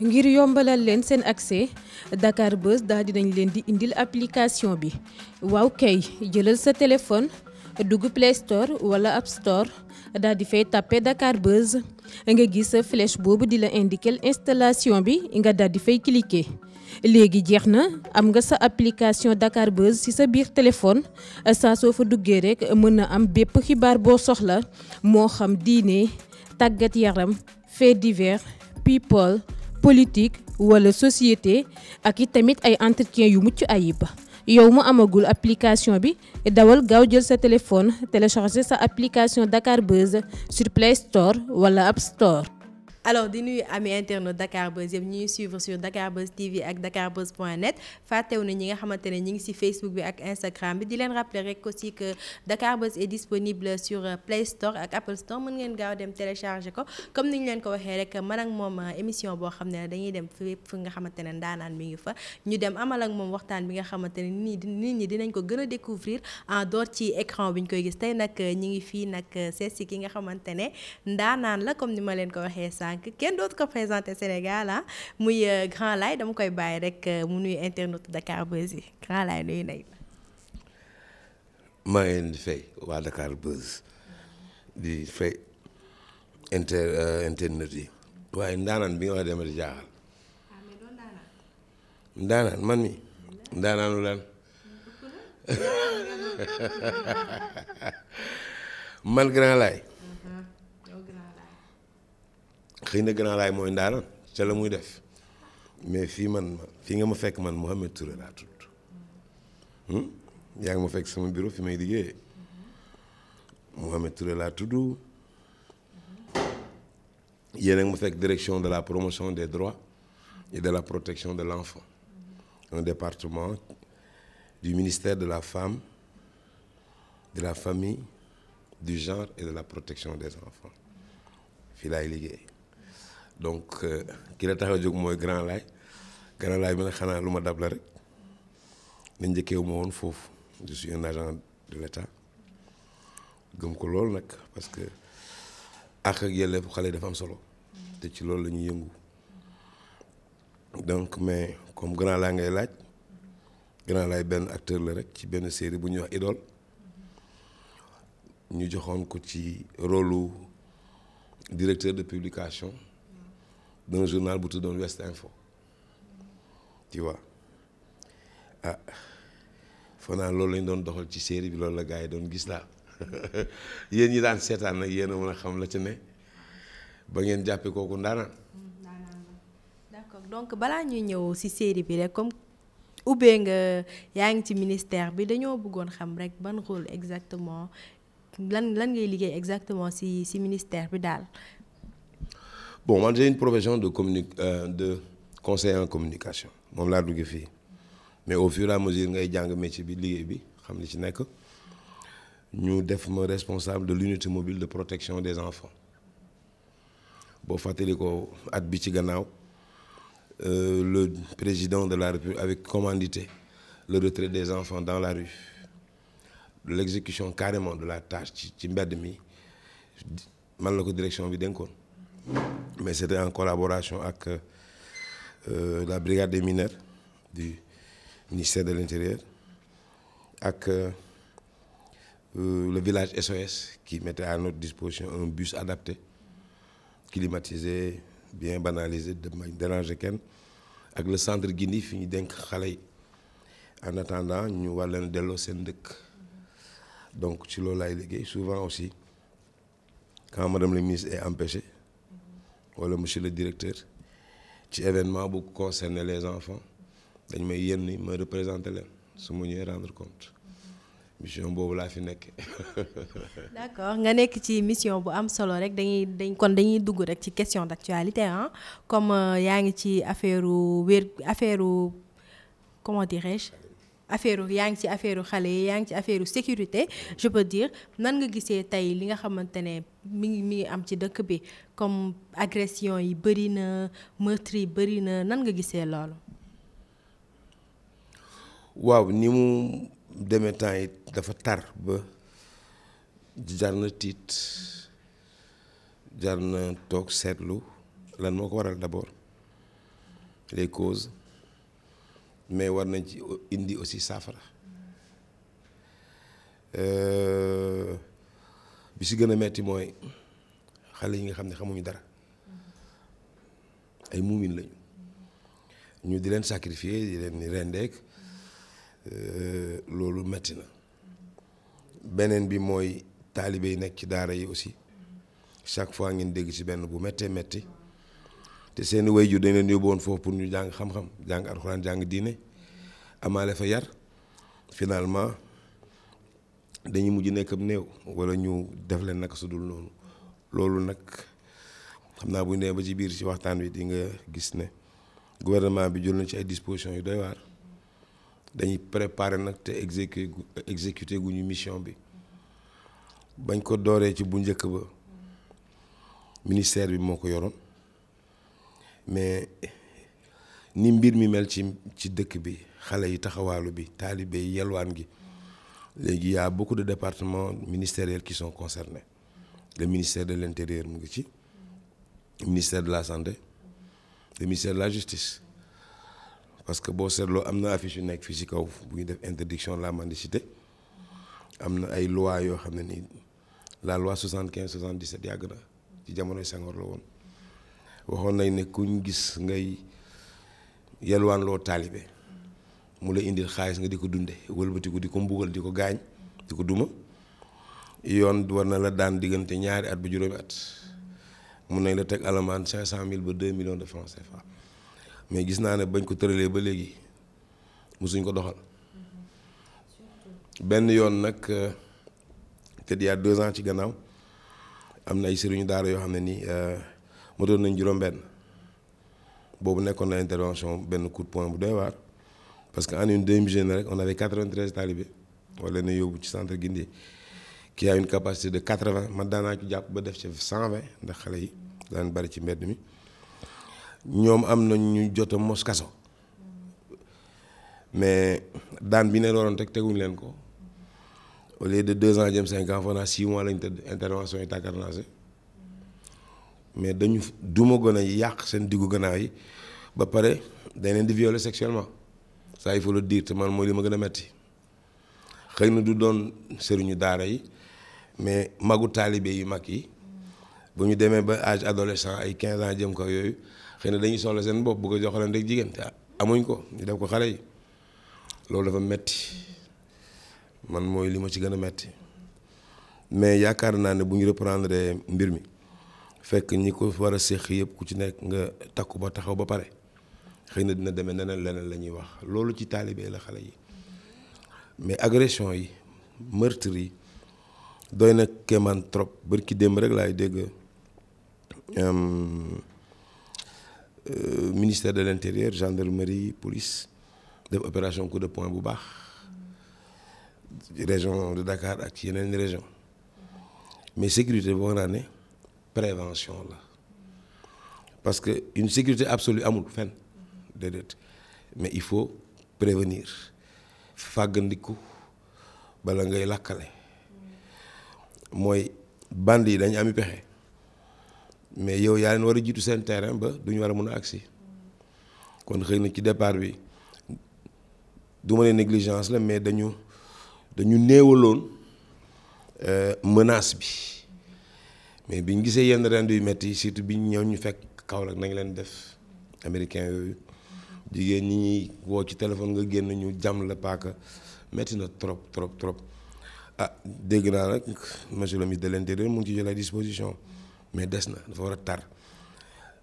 ngir yombalal leen seen accès Dakar Buzz di dinañ leen di indil application bi waaw kay jëlal sa téléphone dugg Play Store wala App Store daal di fay tapé Dakar Buzz nga gis sa flèche boobu di la indiquer installation bi nga dal di fay cliquer. léegi jeex na am nga sa application Dakar Buzz ci sa biir téléphone saa soo fa duggee rekk mën na am bépp xibaar boo soxla moo xam diine tàggat yaram fait divers people. politique wala société ak it tamit ay entretien yu mucc ayib yow mu amagul application bi dawal gaaw jël sa téléphone télécharger sa application Dakar Buzz sur Play wala App Store. alors di nuyu ami internet Dakar Buzz yëpp ñu suivre sur Dakar Buzz TV ak Dakar Buzz point net fàttewu na ñi nga xamante ne ñi ngi ci Facebook bi ak Instagram bi di leen rappeler rek ko que Dakar Buzz est disponible sur Play Store ak Apple Store mën ngeen gaaw dem télécharger ko comme ni ñu leen ko waxee rek man ak moom euh, émission boo xam ne dañuy dem fépp fu nga xamante ne ndaanaan mi ngi fa ñu dem amal ak moom waxtaan bi nga xamante ne nit ñi dinañ ko gën a découvrir en dehors ci écran bi ñu koy gis tey nag euh, ñi ngi fii nag euh, seet ki nga xamante ne ndaanaan la comme ni ma leen ko waxee saa sànq kenn dootu ko présenté Sénégal ah muy euh, Grand Laye dama koy bàyyi rek euh, mu nuyu internet Dakar Buzz yi Grand Laye nuyu nañ la. maa ngi waa Dakar Buzz di fay inter euh, yi waaye ndaanaan bi nga wax dama di jaaxal. Ah, man mi ndaanaanu lan man Grand Laye xëy na Grand Rail mooy ndaanaan ca la muy def mais fii man fii nga ma fekk man Mouhamed Touré laa tudd hmm? yaa ngi ma fekk sama bureau fi may liggéeyee Mouhamed Touré laa tudd yéen a ma fekk direction de la promotion des droits et de la protection de l'enfant un département di ministère de la femme de la famille di genre et de la protection des enfants fii laay liggéey donc euh, ki la tax a jóg mooy Grand Laye Grand Laye bi nag xanaa lu ma dab la rek ni njëkkeewu ma woon foofu je suis agent de l'État gëm ko loolu nag parce que ak yelleefu xale dafa am solo te ci loolu la ñuy yëngu donc mais comme Grand Laye ngay laaj Grand Laye benn acteur la rek ci benn série bu ñuy wax Idole ñu joxoon ko ci rôle directeur de publication d'un journal bu tuddoon West Info tu vois ah naa loolu lañ doon doxal ci série bi loolu la gars yi doon gis laa yéen ñi daan seetaan nag yéen a mën a xam la ci ne ba ngeen jàppee kooku ndaanaan. d'accord donc balaa ñuy ñëw si série bi rek comme ubbee nga yaa ngi ci ministère bi dañoo bëggoon xam rek ban rôle exactement lan lan ngay liggéey exactement si si ministère bi daal. bon man j'ai une profession de communi euh, de conseiller communication moom laa duggee fii mais au fur et à mesure ngay jàng métier bi liggéey bi xam li ci nekk ñu def ma responsable de l'unité mobile de protection des enfants boo fàttali ko at bi ci gannaaw euh, le président de la République avec commandité le retrait des enfants dans la rue l'exécution carrément de la tâche ci ci mbedd mi man la ko direction bi dénkoon mais c'était en collaboration ak euh, euh, la brigade des mineurs du ministère de l'Intérieur ak euh, euh le village SOS qui mettait à notre disposition un bus adapté climatisé bien banalisé de déranger kenn ak le centre Guinée fi ñu denk xale yi en attendant ñu war leen delloo seen dëkk donc ci loolu laay liggéey souvent aussi quand madame la ministre est empêchée wala monsieur le directeur ci événement bu concerner les enfants dañ may yenni ma représenter leen su ma ñëwee rendre compte mission boobu laa fi nekk. d'accord nga nekk ci mission bu am solo rek dañuy dañ kon dañuy dugg rek ci question d'actualité ah comme euh, yaa ngi ci affaire wér affaire comment dirais-je. affaire yaa ngi ci affaire xale yi yaa ngi ci affaire sécurité je peux dire nan nga gisee tey li nga xamante ne mi ngi mi ngi am ci dëkk bi comme agression yi bëri na meurtre yi bëri na nan nga gisee loolu. waaw ni mu demee temps yi dafa tar ba jar na tiit jar na toog seetlu lan moo ko waral d'abord les causes. mais war nañ ci indi aussi saafara euh, bi si gën a metti mooy xale yi nga xam ne xamuñu dara ay muumin lañu ñu di leen sacrifier di leen rendeek euh, loolu metti na beneen bi mooy taalibe yi nekk ci daara yi aussi chaque fois ngeen dégg ci benn bu méttee métti seeni seen i wayjur dañ leen yóbbu woon foofu pour ñu jàng xam-xam jàng alxuraan jàng diine amaale fa yar finalement dañuy mujj nekk ab néew wala ñëw def leen naka su dul noonu loolu nag xam naa bu ñu ba ci biir ci waxtaan wi di nga gis ne gouvernement bi jur na ci ay dispositions yu doy waar dañuy préparer nag te exécuter exécuter gu ñu mission bi bañ ko dooree ci bu njëkk ba ministère bi moo ko yoroon. mais ni mbir mi mel ci ci dëkk bi xale yi taxawaalu bi taalibe yi yelwaan gi léegi y a de départements ministériels qui sont concernés le ministère de l'intérieur mu ngi ci ministère de la santé le ministère de la justice parce que boo seetloo am na affiche yu nekk fii ci kaw bu ñu def interdiction la mendicité am na ay loi yoo xam ne nii la loi 75 77 yàgg na ci jamonoy Senghor la woon waxoon nañ ne kuñ gis ngay yalwaan loo taalibe mu la indil xaalis nga di ko dunde wëlbati wëlbatiku di ko mbugal di ko gaañ di ko duma yoon war na la daan diggante ñaari at bu juróomi at mun nañ la teg alamaan cinq cent mille ba deux millions de francs CFA mais gis naa ne bañ ko tëralee ba léegi musuñ ko doxal benn yoon nag euh, te il y deux ans ci gannaaw am na ay sëriñu daara yoo xam ne nii euh, ma nañ juróom-benn boobu nekkoon na intervention benn coup point bu doy waar parce que en une demi-journée rek on avait 93 talibés wala na yóbbu ci centre Guindé qui a une capacité de 80 man daanaa ci jàpp ba def ci 120 ndax xale yi daan bari ci mbedd mi ñoom am na ñu jot moskaso mais daan bi ne waroon teg teguñ leen ko au lieu de deux ans jëm cinq ans foog naa six mois lañ tëdd intervention yi naa tàkkarnaase mais dañu duma gën a yàq seen diggu gannaaw yi ba pare dañ leen di violer sexuellement ça il faut le dire te man mooy li ma gën a metti xëy na du doon sëriñu daara yi mais magu taalibe yu mag yi bu ñu demee ba âge adolescent ay 15 ans jëm ko yooyu xëy na dañuy soxla seen bopp bu ko joxaleen rek jigéen te amuñ ko ñu def ko xale yi loolu dafa metti man mooy li ma ci gën a metti mais yaakaar naa ne bu ñu reprendre mbir mi fekk ñi ko war a séq yëpp ku ci nekk nga takku ba taxaw ba pare xëy na dina deme neneen leneen la ñuy wax loolu ci taalibe la xale yi mais agression yi meurtre yi doy na kéemaan trop bërki démb rek laay dégg euh, euh, ministère de l'intérieur gendarmerie police def opération coup de poing bu baax région de Dakar ak yeneen région mais sécurité boo naa ne prévention la parce que une sécurité absolue amul fenn déedéet mais il faut prévenir fàggandiku bala ngay lakkale mooy band yi dañu ami pexe mais yow yaa leen war a jiitu seen terrain ba du ñu war a mën a agsi kon xëy na ci départ bi du ma ne négligence la mais dañu dañu néewaloon euh, menace bi mais bi ñu gisee yenn rend yu métti surtout bi ñu ñëw ñu fekk Kaolack nañ leen def américain yooyu jigéen ñi ñuy woo ci téléphone nga génn ñu jàmm la paaka métti na trop trop ah, dégg naa nag monsieur le ministre de mu ngi disposition mais des na dafa war a tar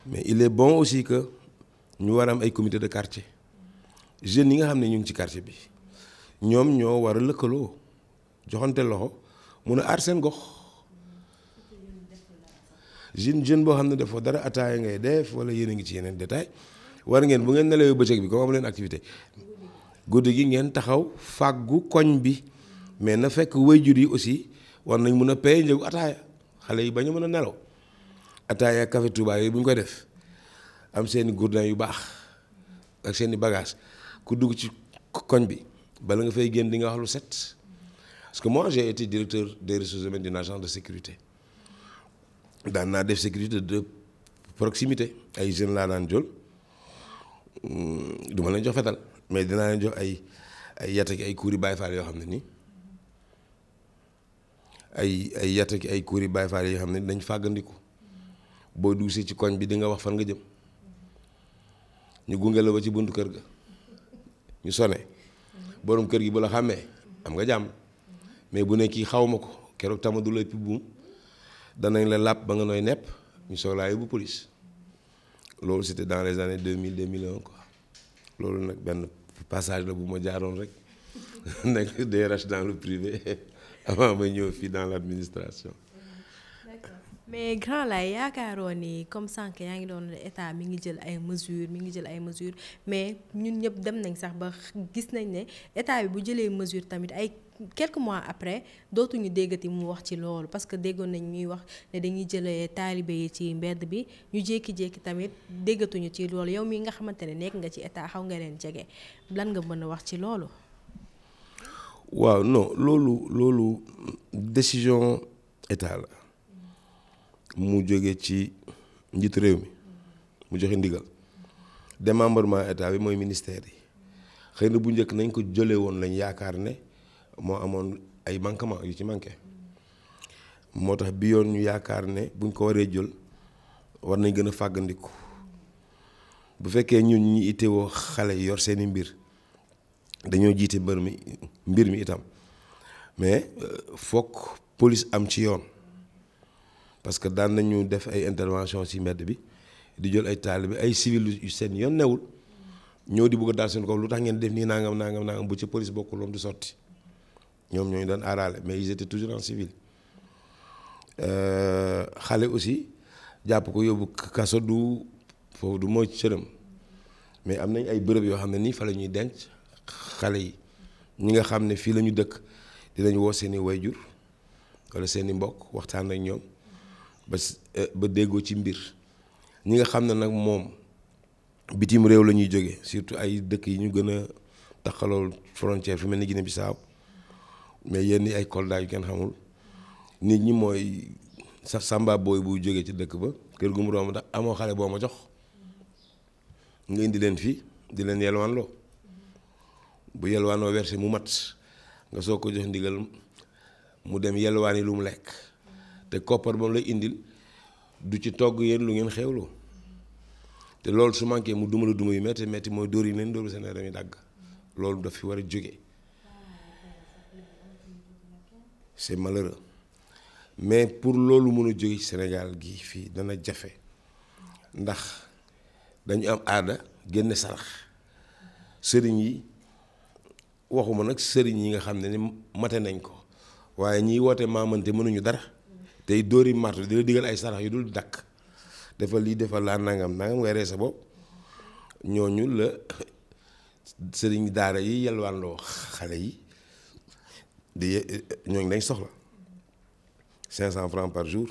mais il est bon aussi que ñu war am ay comité de quartier jeunes yi nga xam ne ñu ngi ci quartier bi ñoom ñoo war a lëkkaloo joxante loxo mun a aar seen gox. jeune jeune boo xam ne defoo dara ataaya ngay def wala yéen ngi ci yeneen détail war ngeen bu ngeen nelawee bëccëg bi comme am leen activité guddi gi ngeen taxaw fàggu koñ bi mais na fekk waajur yi aussi war nañ mun a pay njëgu ataaya xale yi bañ a mën a nelaw ataaya café Touba yooyu bu ñu koy def am seeni gourdin yu baax ak seeni bagage ku dugg ci koñ bi bala nga fay génn di nga wax lu set parce que moi j'ai été directeur des ressources humaines d'une agence de sécurité daan naa def sécurité de proximité ay jeunes laa daan jël du ma leen jox fetal mais dinaa leen jox ay ay yat ak ay kuuri Baay Faal yoo xam ne nii ay ay yat ak ay kuuri Baay yoo xam ne dañ fàggandiku boo duusee ci koñ bi di wax fan nga jëm ñu gunge la ba ci buntu kër ga ñu sone borom kër gi bu la xàmmee am nga jàmm mais bu ne kii xaw ma ko keroog tama du lay pibbum danañ la làpp ba nga nooy nepp ñu soog laa yóbbu police loolu c'était dans les années 2000 2001 quoi loolu nag benn passage la bu ma jaaroon rek nekk DRH dans le privé avant may ñëw fii dans l'administration mais grand lay yaakaaroon ni comme sànq yaa ngi doon état mi ngi jël ay mesure mi ngi jël ay mesures mais ñun ñëpp dem nañ sax ba gis nañ ne état bi bu jëlee mesure tamit ay quelques mois après dootuñu déggati mu wax ci loolu parce que déggoon nañ ñuy wax ne dañuy jëlee taalibe yi ci mbedd bi ñu jékki-jékki tamit déggatuñu ci loolu yow mii nga xamante ne nekk nga ci état xaw nga leen jege lan nga mën a wax ci loolu. waaw non loolu loolu décision état la. mu jóge ci njiitu réew mi mu joxe ndigal démembrement état bi mooy ministère yi xëy na bu njëkk nañ ko jëlee woon lañ yaakaar ne moo amoon ay manquement yu ci manqué moo tax bi yoon ñu yaakaar ne buñ ko waree jël war nañ gën a fàggandiku bu fekkee ñun ñi itteewoo xale yor seeni mbir dañoo jiite mbir mi mbir mi itam mais euh, fokk police am ci yoon parce que daan nañu def ay intervention ci mbedd bi di jël ay taalibe ay civil yu seen yoon newul ñoo di bëgg a daal seen kaw lu tax ngeen def nii nangam nangam nangam bu ci police bokkul du sotti ñoom ñooñu daan aaraale mais ils étaient toujours en civil euh, xale aussi jàpp ko yóbbu kaso du foofu du mooy cëram mais am nañ ay bërëb yoo xam ne nii fa la ñuy denc xale yi ñi nga xam ne fii la ñu dëkk dinañ woo seeni i wayjur wala seen i mbokk waxtaan ak ñoom. ba eh, ba déggoo ci mbir ñi nga xam ne nag moom bitim réew la ñuy jóge surtout ay dëkk yi ñu gën a taxalool frontière fi mel ni Guinée Bissau mais yenn ay Kolda yu kenn xamul nit ñi mooy sax samba booy buy jógee ci dëkk ba kër gu mu romb ndax amoo xale boo ma jox nga indi leen fii di leen yelwaanloo bu yelwaanoo versé mu mat nga soo ko jox ndigal mu dem yelwaani lu mu lekk te koppar moom lay indil du ci togg yéen lu ngeen xewloo te loolu su manqué mu duma la duma yu metti metti mooy dóor yi leen dóor seen yaram yi dàgg loolu daf fi war a jóge c'est malheureux mais pour loolu mën a jóge ci Sénégal gi fii dana jafe ndax dañu am aada génne sarax sëriñ yi waxuma nag sëriñ yi nga xam ne ni mate nañ ko waaye ñiy woote maamante mënuñu dara tey dóori marto di la ay sarax yu dul dakk defal lii defal laa nangam nangam ngay ree sa bopp ñooñu la sëriñ daara yi yalwaanloo xale yi di ñooñu dañ soxla 500 francs par jour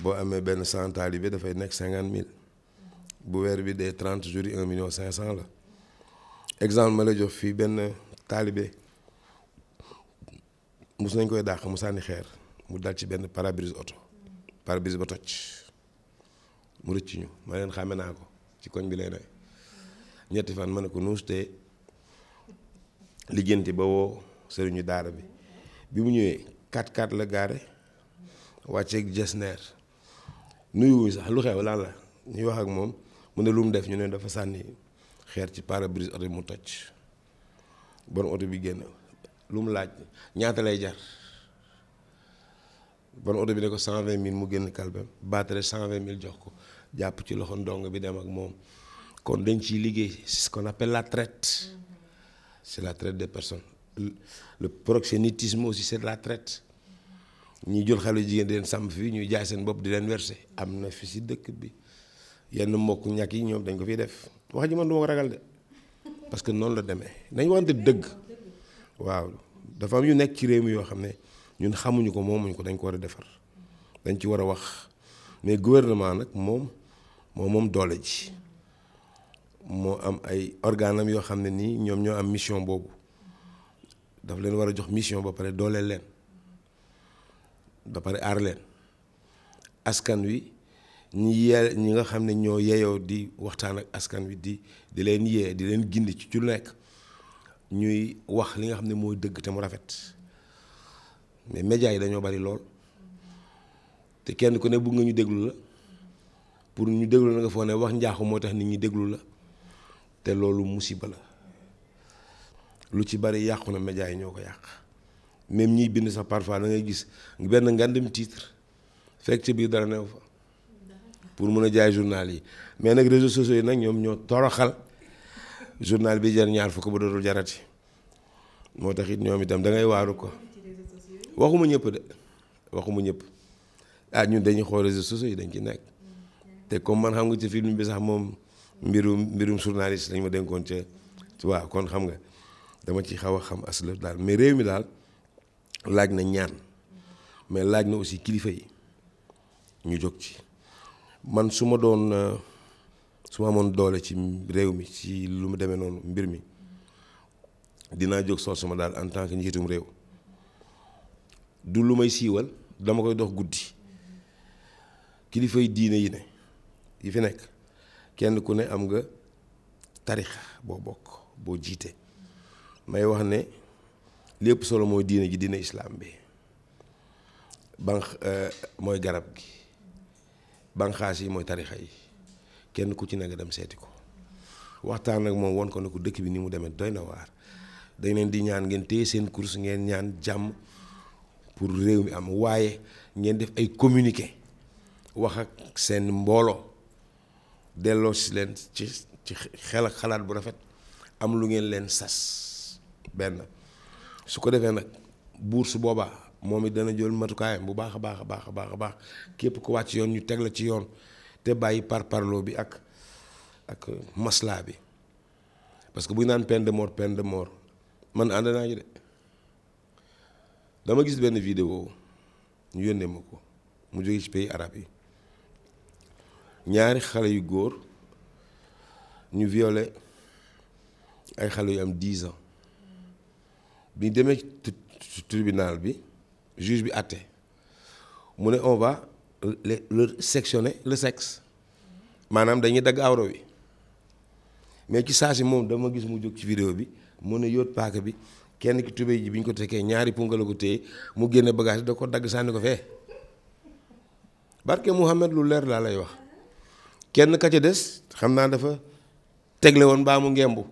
boo amee benn cent taalibe dafay nekk 50000 bu weer bi dee trent jours yi 1 million cent la exemple ma la jox fii benn taalibe mus nañ koy dàq mu sànni xeer. mu dal ci benn parabrise oto parabrise ba toj mu rëcc ñu ma leen xàmme naa ko ci koñ bi lay ñetti fan ma ne ko nuus te liggéenti ba woo sëriñu daara bi bi mu ñëwee 4-4 la gaare wàcceeg jesner nuyuwuñu sax lu xew lan la ñuy wax ak moom mu ne lu mu def ñu ne dafa sànni xeer ci parabrise oto bi mu toj bon oto bi génn lu mu laaj ñaata lay jar bon oto bi ne ko cent vingt mille mu génn kalbem baatare cent vingt mille jox ko jàpp ci loxo ndong bi dem ak moom kon dañ ciy liggéey c'est ce qu'on appelle la traite c'est la traite des personnes le proxénétisme aussi c'est de la traite ñuy jël xale jigéen di leen sàmm fii ñuy jaay seen bopp di leen verser am na fi si dëkk bi yenn mbokk ñàkk yi ñoom dañ ko fiy def wax ji man du ma ko ragal de parce que noonu la demee nañ waxante dëgg waaw dafa am yu nekk ci réew mi yoo xam ne ñun xamuñu ko moomuñu ko dañ ko war a defar dañ ci war a wax mais gouvernement nag moom moo moom doole ji moo am ay organam yoo xam ne nii ñoom ñoo am mission boobu daf leen war a jox mission ba pare dooleel leen ba pare aar leen askan wi ñi yee ñi nga xam ne ñoo yeyoo di waxtaan ak askan wi di di leen yee di leen gindi ci ci lu nekk ñuy wax li nga xam ne mooy dëgg te mu rafet mais médias yi dañoo bari lool te kenn ku ne bugg nga ñu déglu la pour ñu déglu la nga foog ne wax njaaxu moo tax nit ñi déglu la te loolu musiba la lu ci bari yàqu na médias yi ñoo ko yàq même ñii bind sax parfois da ngay gis benn ngandem titre fekk ci biir dara new fa pour mën a jaay journal yi mais nag réseaux sociaux yi nag ñoom ñoo toroxal journal bi jar ñaar fukk ba dootul jarati moo tax it ñoom itam da ngay waaru ko waxuma ñëpp de waxuma ñëpp ah ñu dañuy xool réseaux sociaux yi dañ ci nekk te comme man xam nga ci film bi sax moom mbirum mbirum journaliste lañ ma dénkoon ca waa kon xam nga dama ci xaw a xam aslëf daal mais réew mi daal laaj na ñaan mais laaj na aussi kilifa yi ñu jóg ci man suma doon su amoon doole ci réew mi ci lu ma demee noonu mbir mi dinaa jóg sol suma daal en tant que njiitum réew du lu may siiwal dama koy dox guddi kilifay diine yi ne yi fi nekk kenn ku ne am nga tarixa boo bokk boo jiite may wax ne lépp solo mooy diine ji dina islaam bi banq euh, mooy garab gi banqaas yi mooy tarixa yi kenn ku ci ne nga dem seeti ko waxtaan ak moom won ko ne ko dëkk bi ni mu demee doy na waar dañ leen di ñaan ngeen téye seen course ngeen ñaan jàmm pour réew mi am waaye ngeen def ay communiqué wax ak seen mbooloo delloo si leen ci ci xel ak xalaat bu rafet am lu ngeen leen sas benn su ko defee nag buur su boobaa moom it dana jël matukaayam bu baax a baax a baax a baax a baax képp ku wàcc yoon ñu teg la ci yoon te bàyyi par parloo bi ak ak maslaa bi parce que bu ñu naan pen de mort peine de mort man ànd naa ñu de. dama gis benn vidéo ñu yónnee ma ko mu jóge ci pays arabe yi ñaari xale yu góor ñu viole ay xale yu am dix ans bi demee ci tribunal bi juge bi àtte mu ne on va le sectionner le sexe maanaam dañuy dagg awro bi mais ci saa si moom dama gis mu jóg ci vidéo bi mu ne yóot paaka bi kenn ki tubéy ji bi ñu ko tegee ñaari pungal ko téye mu génne bagage da ko dagg sànni ko fee barke Mouhamed lu leer laa lay wax kenn ka ca des xam naa dafa tegle woon mbaa mu ngembu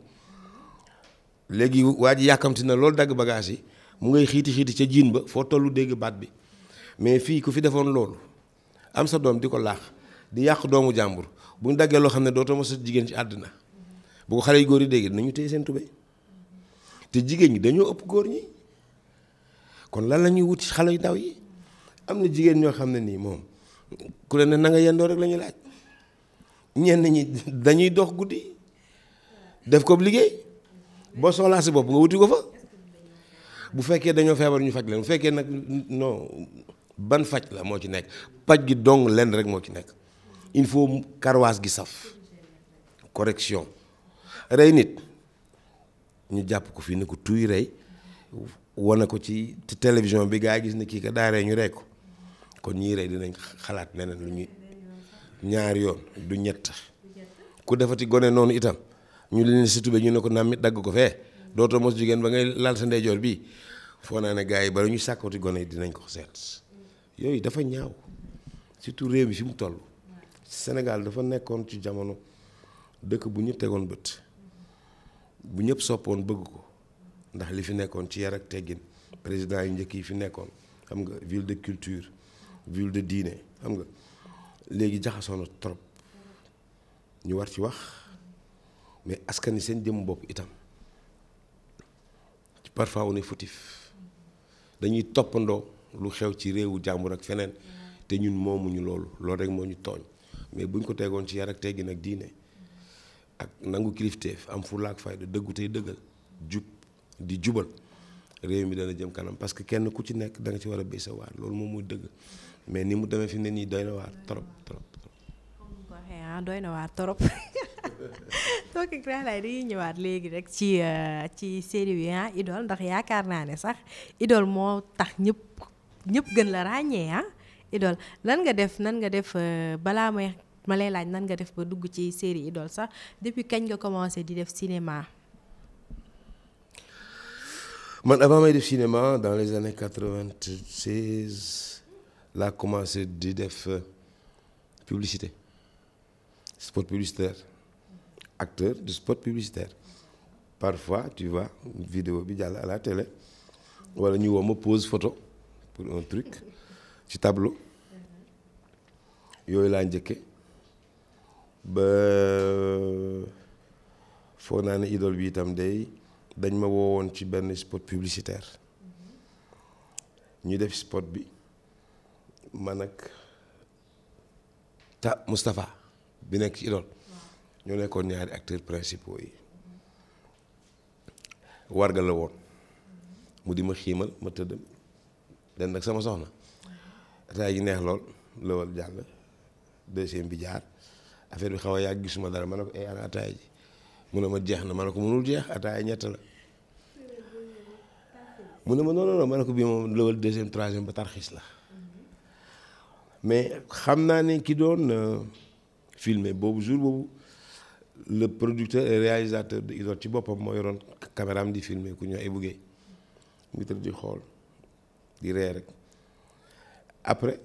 léegi waa ji yàkkamti na loolu dagg bagage yi mu ngay xiiti xiiti ca jiin ba foo tollu dégg baat bi mais fii ku fi defoon loolu am sa doom di ko laax di yàq doomu jàmbur bu ñu daggee loo xam ne dootoo ma sa jigéen ci àdduna bu ko xale yu góor yi dégg nañu téye seen tubéy te jigéen ñi dañoo ëpp góor ñi kon lan la ñuy wut ci xale yu ndaw yi am na jigéen ñoo xam ne nii moom ku leen ne na nga yendoo rek la laaj ñenn ñi dañuy dox guddi def ko liggéey boo soxlaa si bopp nga wuti ko fa bu fekkee dañoo feebar ñu faj leen mu fekkee nag non ban faj la moo ci nekk paj gi dong lenn rek moo ci nekk il faut karwaas gi saf correction rey nit. ñu jàpp ko fii ni ko tuy rey wane ko ci ci télévision bi gaa yi gis ne kii ko daa rey ñu rey ko kon ñii rey dinañ xalaat leneen lu ñuy ñaari yoon du ñett ku defati gone noonu itam ñu leen si tube ñu ne ko nàmmit dagg ko fee dootoo mos jigéen ba ngay laal sa ndeyjoor bi foo naa ne gaa yi bari ñu sàkkati gone dinañ ko seet yooyu dafa ñaaw surtout réew bi fi mu toll Sénégal dafa nekkoon ci jamono dëkk bu ñu tegoon bët bu ñëpp soppoon bëgg ko ndax li fi nekkoon ci yar ak teggin président yi njëkk yi fi nekkoon xam nga ville de culture ville de diine xam nga léegi jaxasoo trop ñu war ci wax mais askan wi seen jëm bopp itam parfois on est fautif dañuy toppandoo lu xew ci réewu jàmbur ak feneen te ñun moomuñu loolu loolu rek moo ñu tooñ mais buñ ko tegoon ci yar ak teggin ak diine ak nangu kilifteef am fulla ak fayda dëggu tey dëggal jub di jubal réew mi dana jëm kanam parce que kenn ku ci nekk da nga ci war a béy sa waar loolu moom mooy dëgg mais ni mu demee fi ne nii doy na waar trop trop trop. Ah, doy na waar trop. donc dañuy ñëwaat léegi rek ci euh, ci série bi ah Idole ndax yaakaar naa ne sax Idole moo tax ñëpp ñëpp gën la ràññee ah Idole lan nga def nan nga def euh, balaa may ma lay laaj nan nga def ba dugg ci série Idoles sax depuis kañ nga commencé di def cinéma. man avant may def cinéma dans les années quatre vingt laa commencé di def euh, publicité spot publicitaire acteur de spot publicitaire parfois tu vois vidéo bi jàll à la télé wala ñu woo ma pose photo pour un truc ci tableau yooyu laa njëkke ba foo naa ne idole bi itam day dañ ma woon ci benn spot publicitaire ñu def spot bi man ak ta Moustapha bi nekk ci idole ñoo nekkoon ñaari acteur principaux yi warga la woon mu di ma xiimal ma tëdd den ak sama soxna ataay ji neex lool lowal jàll deuxième bi jaar affaire bi xaw a yàgg gisuma dara ma ne ko ay eh, ana ataaya ji mu ne ma jeex na ma ne ko mënul jeex ay ñett la mun ne ma non non ma ne ko bii moom lëwal deuxième troisième ba tarxiis la mais xam naa ne ki doon euh, filmer boobu jour boobu le producteur et réalisateur de Idoles ci boppam moo yoroon caméra di filmer ku ñu ay buggee mu tëdd di xool di ree rek après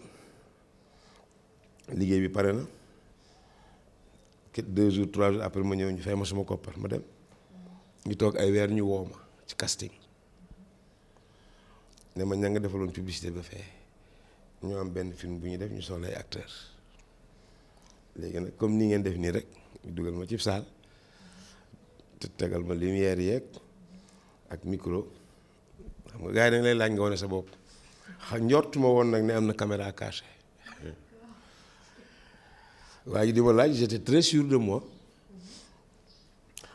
liggéey bi pare na. deux jours trois jours après ma ñëw ñu fay ma suma koppar ma dem ñu toog ay weer ñu wooma ci casting ne ma ña nga defaloon publicité ba fee ñu am benn film bu ñu def ñu soxla ay acteurs léegi nag comme ni ngeen def nii rek ñu dugal ma ci saal te tegal ma lumière yeeg ak micro xam nga gars yi dañ lay laaj nga wane sa bopp xam njortu ma woon nag ne am na caméra cachée. waa di ma laaj j'étais très sûr de moi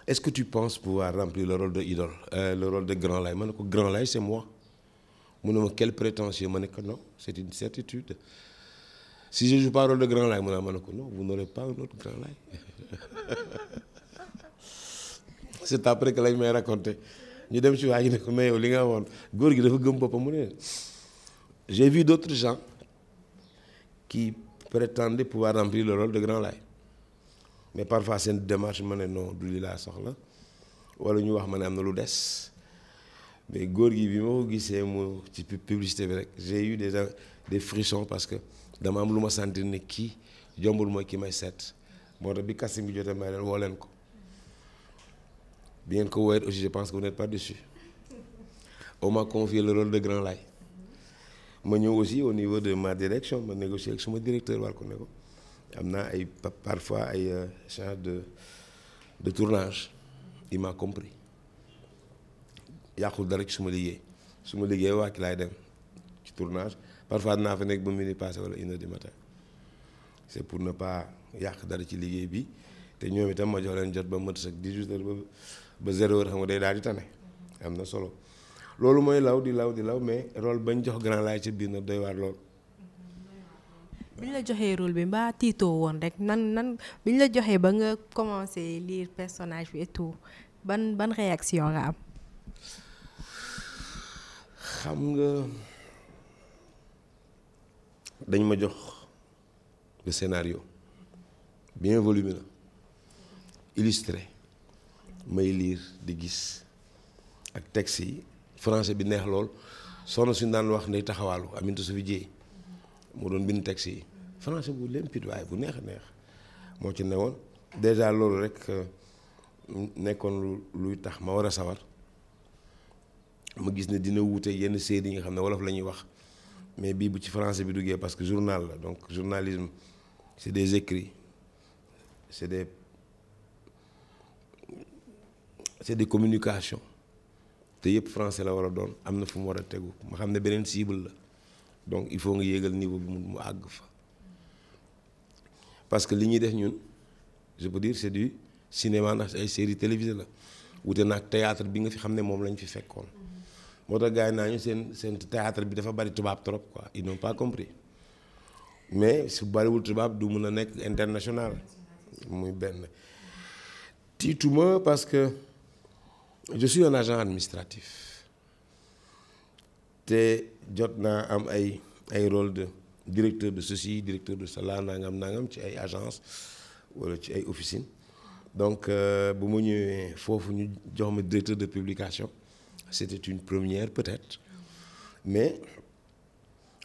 est-ce que tu penses pouvoir remplir le rôle de idole euh, le rôle de Grand Laye ma ne ko Grand Laye c'est moi mu ne ma quelle prétention ma ne ko non c'est une certitude si je joue pas rôle de Grand Laye mu ne ma ne ko non vous n'aurez pas un autre Grand Laye c'est après que lañ mais raconté ñu dem ci waa ji ne ko mais li nga woon góor gi dafa gëm pa mu ne j'ai vu d'autres gens qui prétendait pouvoir remplir le rôle de Grand Laye mais parfois seen démarche ma ne non du li laa soxla wala ñu wax ma ne am na lu des mais góor gi bi ma ko gisee mu ci publicité bi rek j'ai eu des des frissons parce que dama am lu ma sentir ne kii jombul mooy kii may seet moo tax bi casting bi jotee may leen woo leen ko bi ngeen ko woowee aussi je pense que vous n'êtes pas déçu on m'a confié le rôle de Grand Laye ma ñëw aussi au niveau de ma direction ma négocier ak suma directeur war ko ne am naa ay parfois ay euh, change de de tournage il m'a compris yàqul dara ci suma liggéey suma liggéey waa ki laay dem ci tournage parfois naa fa nekk ba minuit passé wala une heure du matin c'est pour ne pas yàq dara ci liggéey bi te ñoom itam ma jox leen jot ba mët sax 18 heures ba ba zéro heure xam de daal di tane am na solo loolu mooy law di law di law mais rôle bañ jox grand laay ca biir na doy waar lool. bi la joxee role bi mbaa tiitoo woon rek nan nan bi la joxee ba nga commencé lire personnage bi et tout ban ban réaction nga am. xam nga dañ ma jox le scénario bien volumé la may lire di gis ak texte français bi neex lool soxna suñ daan wax nday taxawaalu aminta su fi jéey moo doon bind texte yi français bu limpide waaye bu neex a neex moo ci newoon déjà loolu rek euh, nekkoon luy tax ma war a sawar ma gis ne dina wuute yenn série yi nga xam ne wolof la ñuy wax mais bii bu ci français bi duggee parce que journal la donc journalisme c'est des écrits c'est des c'est des communications te yëpp français la war a doon am na fu mu war a tegu ma xam ne beneen cible la donc il faut nga yéegal niveau bi mu àgg fa parce que li ñuy def ñun je peux dire c'est du cinéma ndax ay série télévisée la wute naag théâtre bi nga fi xam ne moom lañ fi fekkoon moo tax gars naa ñu seen seen théâtre bi dafa bari tubaab trop quoi ils n'ont pas compris mais su bariwul tubaab du mun a nekk international muy benn tiituma parce je suis un agent administratif te jot naa am ay ay rôle de directeur de ceci directeur de cela nangam nangam ci ay agence wala ci ay officine donc euh, bu mu ñëwee foofu ñu jox directeur de publication c'était une première peut-être mais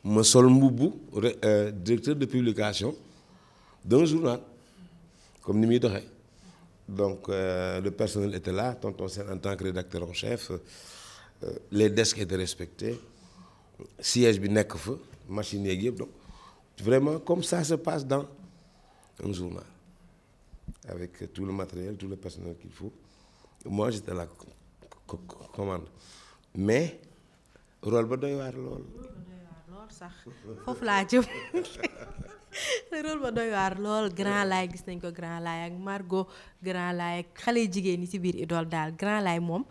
ma sol mbubbu euh, directeur de publication d'un journal comme ni muy doxee donc euh, le personnel était là tonton Sène en tant que rédacteur en chef euh, les desks étaient respectés siège bi nekk fa machine yeeg yëpp donc vraiment comme ça se passe dans un journal avec tout le matériel tout le personnel qu'il faut moi j'étais là commande mais rôle ba doy waar lool. foofu laa jëm rôle ba doy waar lool grand laay gis nañ ko grand laay ak margo grand laay ak xale jigéen ñi ci biir idole daal grand laay moom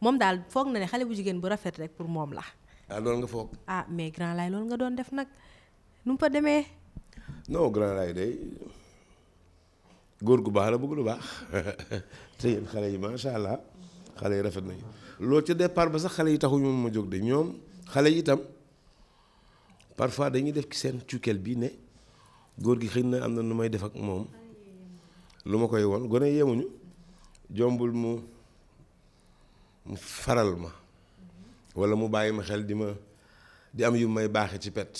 moom daal foog na ne xale bu jigéen bu rafet rek pour moom la. ah loolu nga foog. ah mais grand laay loolu nga doon def nag nu mu fa demee. non grand laay day góor gu baax la bëgg lu baax te yéen xale yi macha allah xale yi rafet nañu loolu ca départ ba sax xale yi taxuñu moom ma jóg de ñoom xale yi itam parfois dañuy def ci seen cukkel bi ne. góor gi xëy na am na nu may def ak moom lu ma koy won gone yemuñu jombul mu mu faral ma wala mu bàyyi ma xel di ma di am yu may baaxe ci pet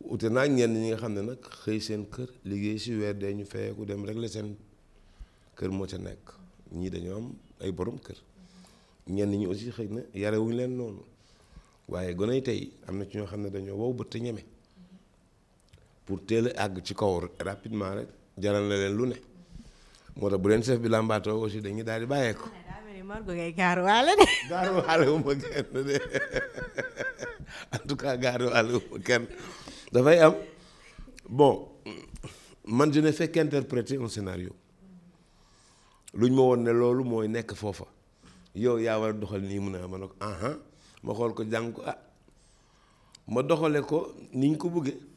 ute naa ñenn ñi nga xam ne nag xëy seen kër liggéey si weer dee ñu feyeeku dem rek la seen kër moo ca nekk ñii dañoo am ay boroom kër ñenn ñi aussi xëy na yarewuñu leen noonu waaye gone yi tey am na ci ñoo xam ne dañoo wow bëtt te ñeme pour teel a àgg ci kaw rapidement rek jaral na leen lu ne moo tax bu leen chef bi làmbaatoo aussi dañuy daal di bàyyeeku. Margo ngay gaaru waale de. gaaru waale wu ma kenn de en tout cas gaaru waale wu kenn dafay am bon man je n'ai fait qu'interpréter un scénario luñ ma woon ne loolu mooy nekk foofa yow yaa war a doxal nii mun a ma ne ko aha ma xool ko jàng ko ah ma doxale ko niñ ko bëggee.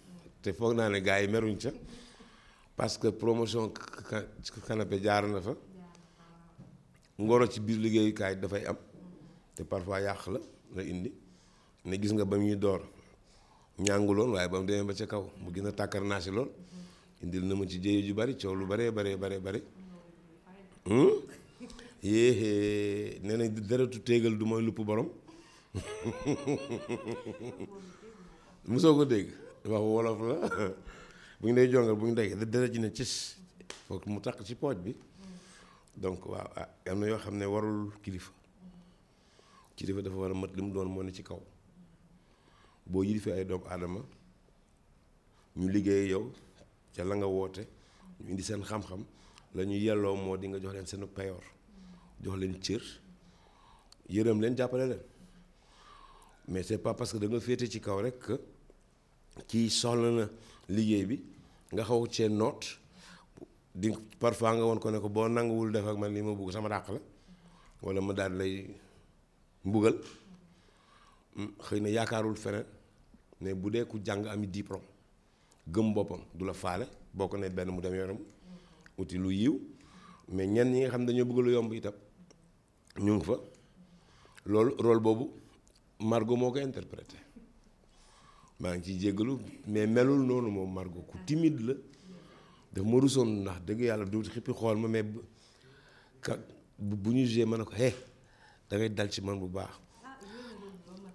te foog naa ne gaa yi meruñ ca parce que promotion canapé jaar na fa ngoro ci biir liggéeyukaay dafay am te parfois yàq la la indi ne gis nga ba muy door ñàngu lool waaye ba mu demee ba ca kaw mu gën a tàkkar naa si lool indil na ma ci jéye ju bari coow lu baree baree bare bëri hmm? yéexee nee nañ deretu téegal du mooy lupp borom musoo ko dégg waaw wolof la bu ñu lay jongal bu ñu day dara ji ne cis foog mu takk ci pooj bi donc waaw ah am na yoo xam ne warul kilifa kilifa dafa war a mat li mu doon moo ne ci kaw boo yilifee ay doomu aadama ñu liggéey yow ca la nga woote ñu indi seen xam-xam la ñu yelloo moo di nga jox leen seenu payoor jox leen cër yërëm leen jàppale leen mais c'est pas parce que da féete ci kaw rek kii soxla na liggéey bi nga xaw cee noot di parfois nga woon ko ne ko boo nanguwul def ak man li ma bugg sama dàq la wala ma daal lay mbugal mm, xëy na yaakaarul feneen ne bu dee ku jàng ami diplôme gëm boppam du la faale boo ko ne benn mu dem yoonam uti lu yiw mais ñenn ñi nga xam dañoo bëgg lu yomb itam ñu fa loolu rôle boobu margo moo ko interprété maa ngi ciy jéggalu mais melul noonu moom Margot ku timide la daf ma rusoon ndax dëgg yàlla du xippi xool ma mais ka bu ñu jugee ma ne ko eh da dal ci man bu baax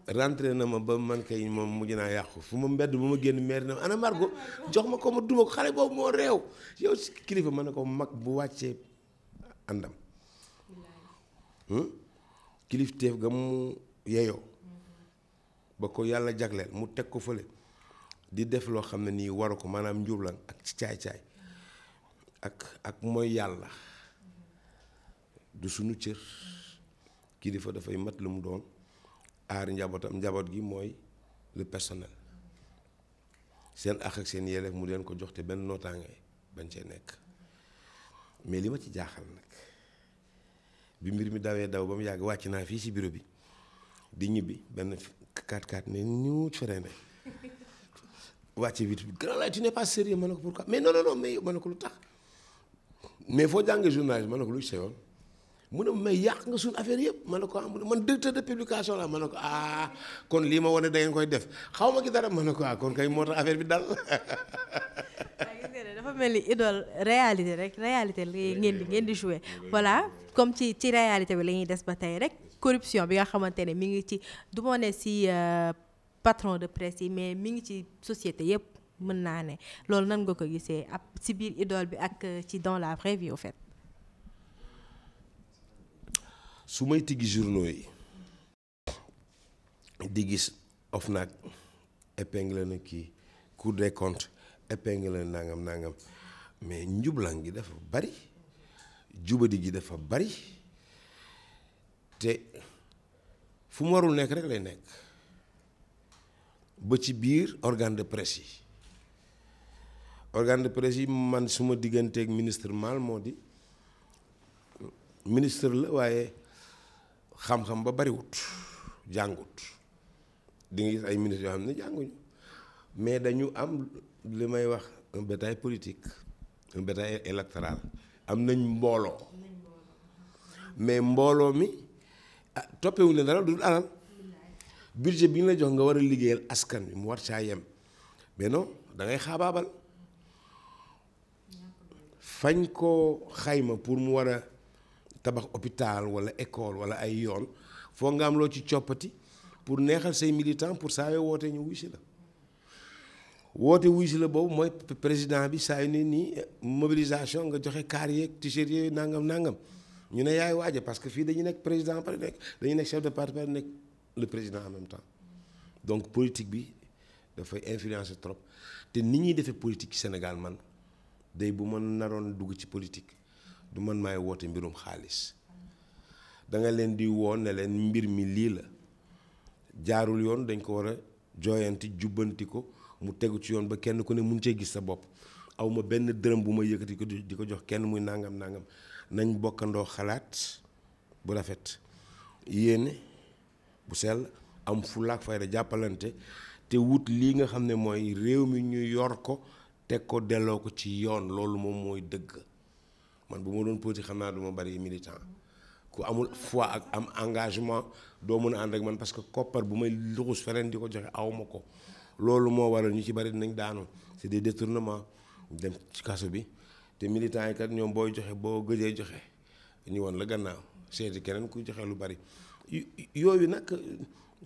rentre na ma ba man kay moom mujj naa yàqu fu ma mbedd bu ma génn meer na ana Margot jox ma ko ma duma ko xale boobu moo réew yow si kilifa ma ne ko mag bu wàccee àndam hmm? kilif teef mu yeyoo ba ko yàlla jagleel mu teg ko fële di def loo xam ne nii waru ko maanaam njublan ak ci caay-caay ak ak mooy yàlla du sunu cër kilifa dafay mat lu mu doon aar njabootam njaboot gi mooy le personnel seen àq ak seen yelleef mu leen ko jox te benn nootaange bañ cee nekk mais li ma ci jaaxal nag bi mbir mi dawee daw ba mu yàgg wàcc naa fii ci bureau bi di ñibbi benn 4-4 ne ñuut ferende wàcce vite bi grand laay tu n'es pas sérieux ma ne ko pourquoi mais non non non mais ma ko lu tax mais foo jàngee journalisme ma ne ko lu ci yoon mu may yàq nga suñ affaire yëpp ma ne ko ah, man directeur de la ma ko ah kon lii ma wane da koy def xaw ma ki dara ma ne ko ah kon kay moo tax affaire bi dal. dafa mel ni idole réalité rek réalité la ngeen di ngeen di joué voilà comme ci ci réalité bi lañuy des ba tey rek. corruption bi nga xamante ne mi ngi ci du ma ne si euh, patron de presse yi mais mi ngi ci société yëpp mën naa ne loolu nan nga ko gisee ab si biir idole bi ak euh, ci dans la vraie vie fait. su may tigi journaux yi di gis OFNAC épingle na kii Cour des comptes épingle na nangam nangam mais njublan gi dafa bari jubadi gi dafa bari. te fu mu warul nekk rek lay nekk ba ci biir organe de presse yi organe de presse yi man suma diggante digganteeg ministre Mal moo di ministre la waaye xam-xam ba bariwut jàngut di gis ay ministres yoo xam ne jànguñu mais dañu am li may wax un bétail politique un bétail électoral am nañ mbooloo mais mbooloo mi. ah toppewuñ la dara du dul alal budget bi ñu la jox nga war a liggéeyal askan bi mu war caa yem mais non da ngay xaabaabal fañ koo xayma pour mu war a tabax hôpital wala école wala ay yoon foo nga am loo ci coppati pour neexal say militants pour saa yoo wootee ñu wuy si la woote wuy si la boobu mooy président bi saa yu ne nii mobilisation nga joxe kaar yeeg t-shirt yooyu nangam nangam ñu ne yaay waaj parce que fii dañu nekk président pare nekk dañu nekk chef de parti pare nekk le président en même temps donc politique bi dafay influencer trop te nit ñuy defee politique ci Sénégal man day bu ma naroon dugg ci politique du man maay woote mbirum xaalis danga leen di woon ne leen mbir mi lii la jaarul yoon dañ ko war a jooyanti jubbanti ko mu tegu ci yoon ba kenn ku ne mun cee gis sa bopp aw ma benn dërëm bu ma yëkkati ko di ko jox kenn muy nangam nangam nañ bokkandoo xalaat bu rafet yéene bu sell am fulaak fayda jàppalante te wut lii nga xam ne mooy réew mi ñu yor ko teg ko delloo ko ci yoon loolu moom mooy dëgg man bu ma doon politique xam naa duma bari militant ku amul fois ak am engagement doo mën a ànd ak man parce que koppar bu may luxus feneen di ko joxe awma ko loolu moo waral ñu ci bari dinañ daanu c'est de détournements dem ci bi te militants yi kat ñoom booy joxe boo gëjee joxe ñu woon la gannaaw seeti keneen ku joxe lu bari yooyu nag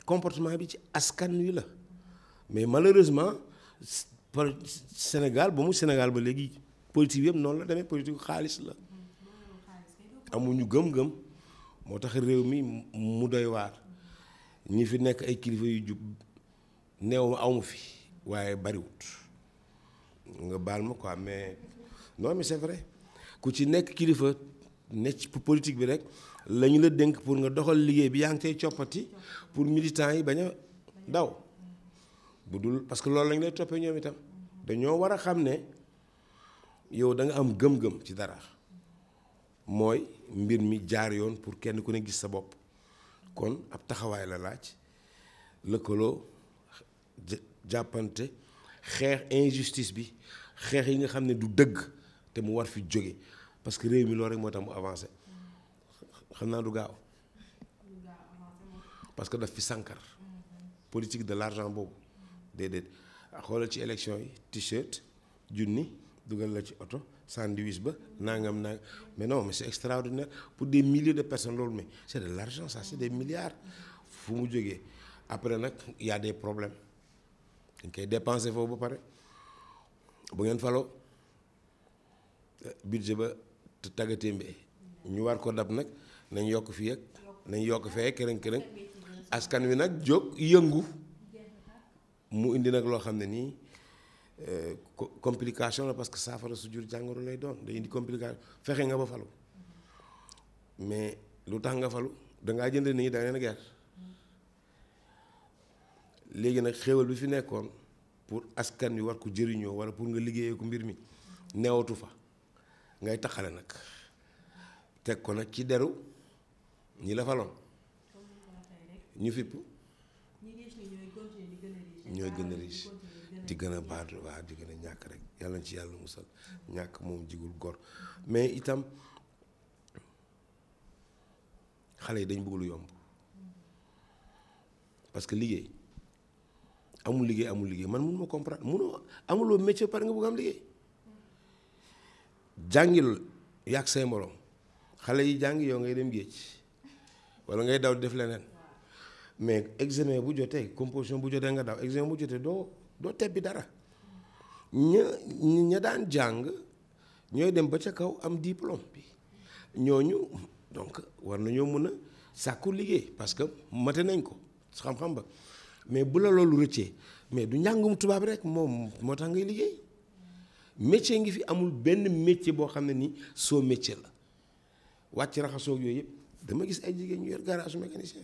comportement bi ci askan wi la mais malheureusement par Sénégal ba mu Sénégal ba léegi politique yëpp noonu la demee politique xaalis la amuñu gëm-gëm moo tax réew mi mu doy waar ñi fi nekk ay kilifa yu jub neew ma aw ma fi waaye bariwut nga baal ma quoi mais. non mais c'est vrai ku ci nekk kilifa ne ci bi rek la ñu la dénk pour nga doxal liggéey bi yaa ngi koy coppati pour militants yi bañ a daw bu dul parce que loolu lañ lay toppee ñoom itam dañoo war a xam ne yow da nga am gëm-gëm ci dara mooy mbir mi jaar yoon pour kenn ku ne gis sa bopp kon ab taxawaay la laaj lëkkaloo jàppante xeex injustice bi xeex yi nga xam ne du dëgg te mu war fi jóge parce que réew mi loolu rek moo tax mu avancé xam naa du gaaw parce que daf fi sànkar politique de l'argent boobu déedéet xoolal ci élection yi t-shirt junni dugal la ci oto sandwich ba nangam nangam mais non mais c'est extraordinaire pour des milliers de personnes loolu mais c'est de l'argent ça c'est des milliards fu mu jógee après nag y a des problèmes dañ koy dépenser foofu ba pare bu ngeen faloo budget ba taggatémbe ñu war ko dab nag nañ yokk fi yëg nañ yokk fee kërëng kërëng askan wi nag jóg yëngu mu indi nag loo xam ne nii eh, complication la parce que saafara su jur jàngoro lay doon day indi complication fexe nga ba falu mais lu tax nga falu dangaa jënd nii da nga ger léegi nag xéewal bi fi nekkoon pour askan wi war ko jëriñoo wala pour nga liggéeyee ko mbir mi newatu fa ngay taxale nag teg ko nag ci deru ñi la faloon ñu fipp ñooy gën a riche di gën a baat waa di gën a ñàkk rek yàlla na ci yàlla musal ñàkk moom jigul gor mais itam xale yi dañ bëgg lu yomb parce que liggéey amul liggéey amul liggéey man mun ma comprendre munoo amuloo métier par nga bëgg am liggéey jàngil yàq say morom xale yi jàng yow ngay dem géej wala ngay daw def leneen mais examen bu jotee composition bu jotee nga daw examen bu jotee doo doo bi dara ña ña daan jàng ñooy dem ba ca kaw am diplôme bi ñooñu donc war nañoo mën a sàkku liggéey parce que mate nañ ko xam-xam ba mais bu la loolu rëccee mais du njàngum tubaab rek moom moo tax ngay liggéey. métier ngi fi amul benn métier boo xam ne ni soo métier la wàcc raxasoo yooyu yëpp dama gis ay jigéen ñu yor garage mécanicien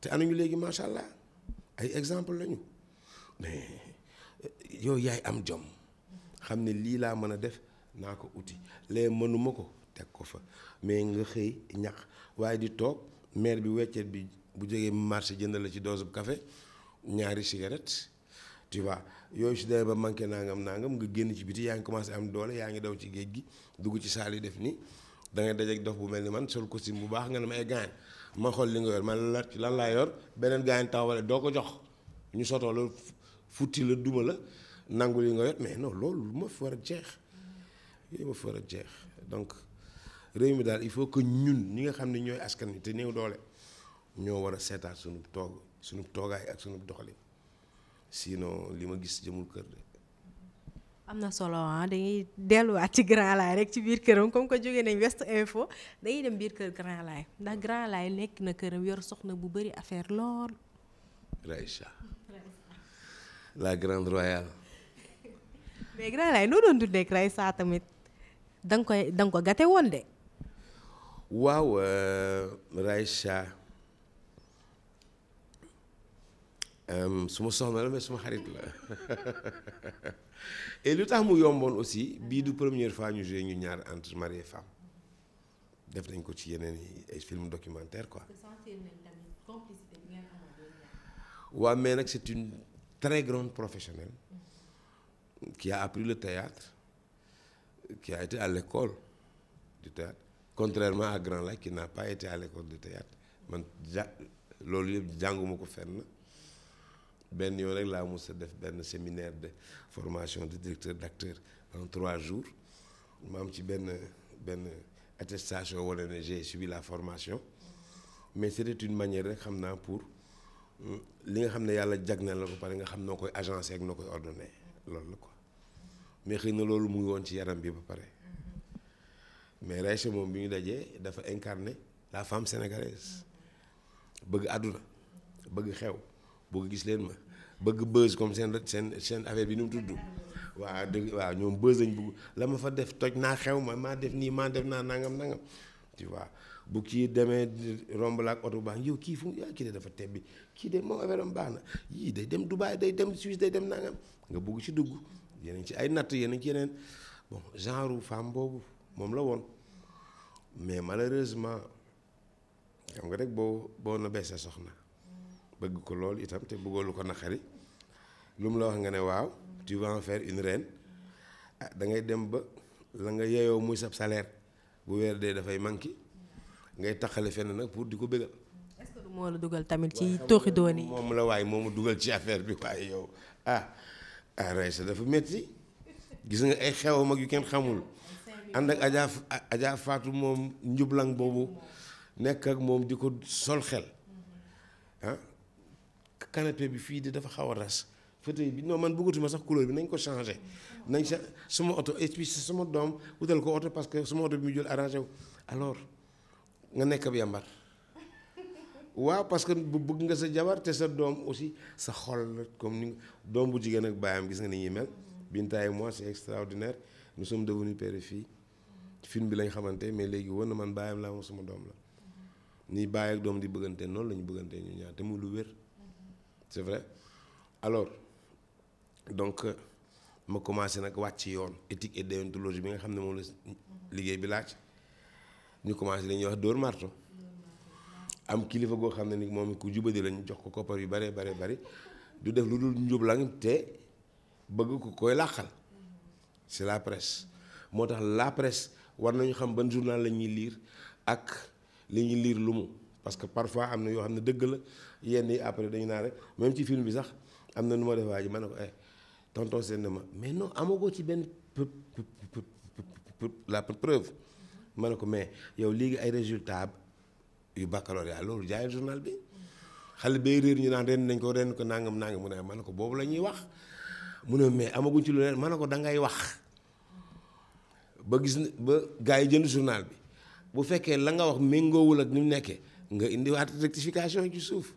te anuñu léegi macha allah ay exemple lañu mais euh, yow yaay am jom xam ne lii laa mën a def naa ko uti lee mënuma ko teg ko fa mais nga xëy ñax waaye di toog maire bi weccet bi bu jógee marché jënd la ci dose bu ñaari cigarette tu yooyu su demee ba manqué nangam nangam nga génn ci biti yaa ngi commencé am doole yaa ngi daw ci géej gi dugg ci saal def nii da ngay dajeeg dox bu mel ni man sol costume bu baax nga ne ma eh, ay ma xool li nga yor man la lan laa yor beneen gaañ taxawale doo ko jox ñu sotoo la la duma la nangu li nga mais non loolu lu ma fa war a jeex yooyu ma fa war a jeex donc réew mi daal il faut que ñun ñi nga xam ne ñooy askan wi te néew doole ñoo war a seetaat sunu toog sunu toogaay ak sunu doxalin. sinon li ma gis jëmul kër de. am na solo ah dañuy delluwaat ci Grand Laye rek ci biir këram comme que jógee nañ West Info dañuy dem biir kër Grand Laye ndax Grand Laye nekk na këram yor soxna bu bari affaire lool. Raïcha la grande royale. mais Grand Laye noo doon dundee ak tamit da nga koy da ko gate woon de. waaw euh, Raïcha. suma soxna la mais suma xarit la lu tax mu yomboon aussi bii du première fois ñu joué ñu ñaar entre mari et femme def nañ ko ci yeneen yi ay film documentaire ko waa mais nag c'est une très grande professionnelle qui a appris le théâtre qui a été à l'école du théâtre contrairement à Grand Lac qui n'a pas été à l'école du théâtre man ja loolu yëpp jànguma ko fenn. benn yoon rek laa mos a def benn séminaire de formation de directeur d'acteur en trois jours ma am ci benn benn attestation wala ne j'ai suivi la formation mais et une manière rek xam naa pour mm, li nga xam ne yàlla jag na la ko pare nga xam noo koy agencé ak noo koy ordonné loolu la mais xëy na loolu mu ngi woon ci yaram bi ba pare moom bi ñu dajee dafa incarné la femme sénégalaise bëgg xew bëgg gis leen ma bëgg buzz comme seen seen seen affaire bi nu mu tudd waaw dëgg waa ñoom buzz lañ bëgg la ma fa def toj naa xew ma maa def nii maa def naa nangam nangam tu vois bu kii demee romb la ak oto bu baax yow kii fu ah kii de dafa tebbi kii de moom affaire baax na yii day dem Dubaï day dem Suisse day dem nangam nga bëgg ci dugg yeneen ci ay natt yeneen ci yeneen bon genre femme boobu moom la woon mais malheureusement xam nga rek boo boo na bee sa soxna bëgg ko lool itam te bëggoo lu ko naqari lu mu la wax nga ne waaw tu vas en faire une reine ah da ngay dem ba la nga yeyoo muy sab salaire bu weer dee dafay manqué ngay taxale fenn nag pour di ko bëggal. est-ce la dugal tamit ci tooxi doon yi moom la waaye moomu dugal ci affaire bi waaye yow ah ah dafa metti gis nga ay xew xewam ak yu kenn xamul ànd ak Adja Adja moom njublang boobu nekk ak moom di ko sol xel ah bi fii di dafa xaw a ras. fauteuil bi non man bëggatuma sax couleur bi nañ ko changé nañ sa suma oto et puis sama doom utal ko oto parce que sama oto bi mu jël arrangé wu alors nga nekk ab yàmbar waaw parce que bu bëgg nga sa jabar te sa doom aussi sa xol comme ni doom bu jigéen ak baayam gis nga ni ñuy mel Binta mois moi c'est extraordinaire nous sommes devenus père et fille film bi lañ xamante mais léegi woon na man baayam laa moom sama doom la ni baay ak doom di bëggantee noonu la bëggante ñu mu lu wér vrai alors donc euh, ma commencé nag wàcc ci yoon éthique et déontologie bi nga xam ne moom liggéey bi laaj ñu commencé dañuy wax dóor marto am kilifa goo xam ne ni moom ku di lañu jox ko koppar yu bare bare bari du def lu dul njublang te bëgg ko koy làqal c'est la presse moo tax la presse war nañu xam ban journal la ñuy lire ak li ñuy liir lu mu parce que parfois am na yoo xam ne dëgg la yenn yi après dañu naan rek même ci film bi sax am na nu ma def waa ji man ne ko eh, tonton seen na ma mais non amagoo ci benn la preuve ma ne ko mais yow léegi ay résultat yu yaa loolu jaayal journal bi xale bay réer ñu naan ren nañ ko ren ko nangam nangam mu ne ma ne ko boobu la ñuy wax mu ne mais amaguñ ci lu leen ma ko da ngay wax ba gis ba gars yi jënd journal bi bu fekkee la nga wax méngoowul ak ni mu nekkee nga indiwaat rectification ci suuf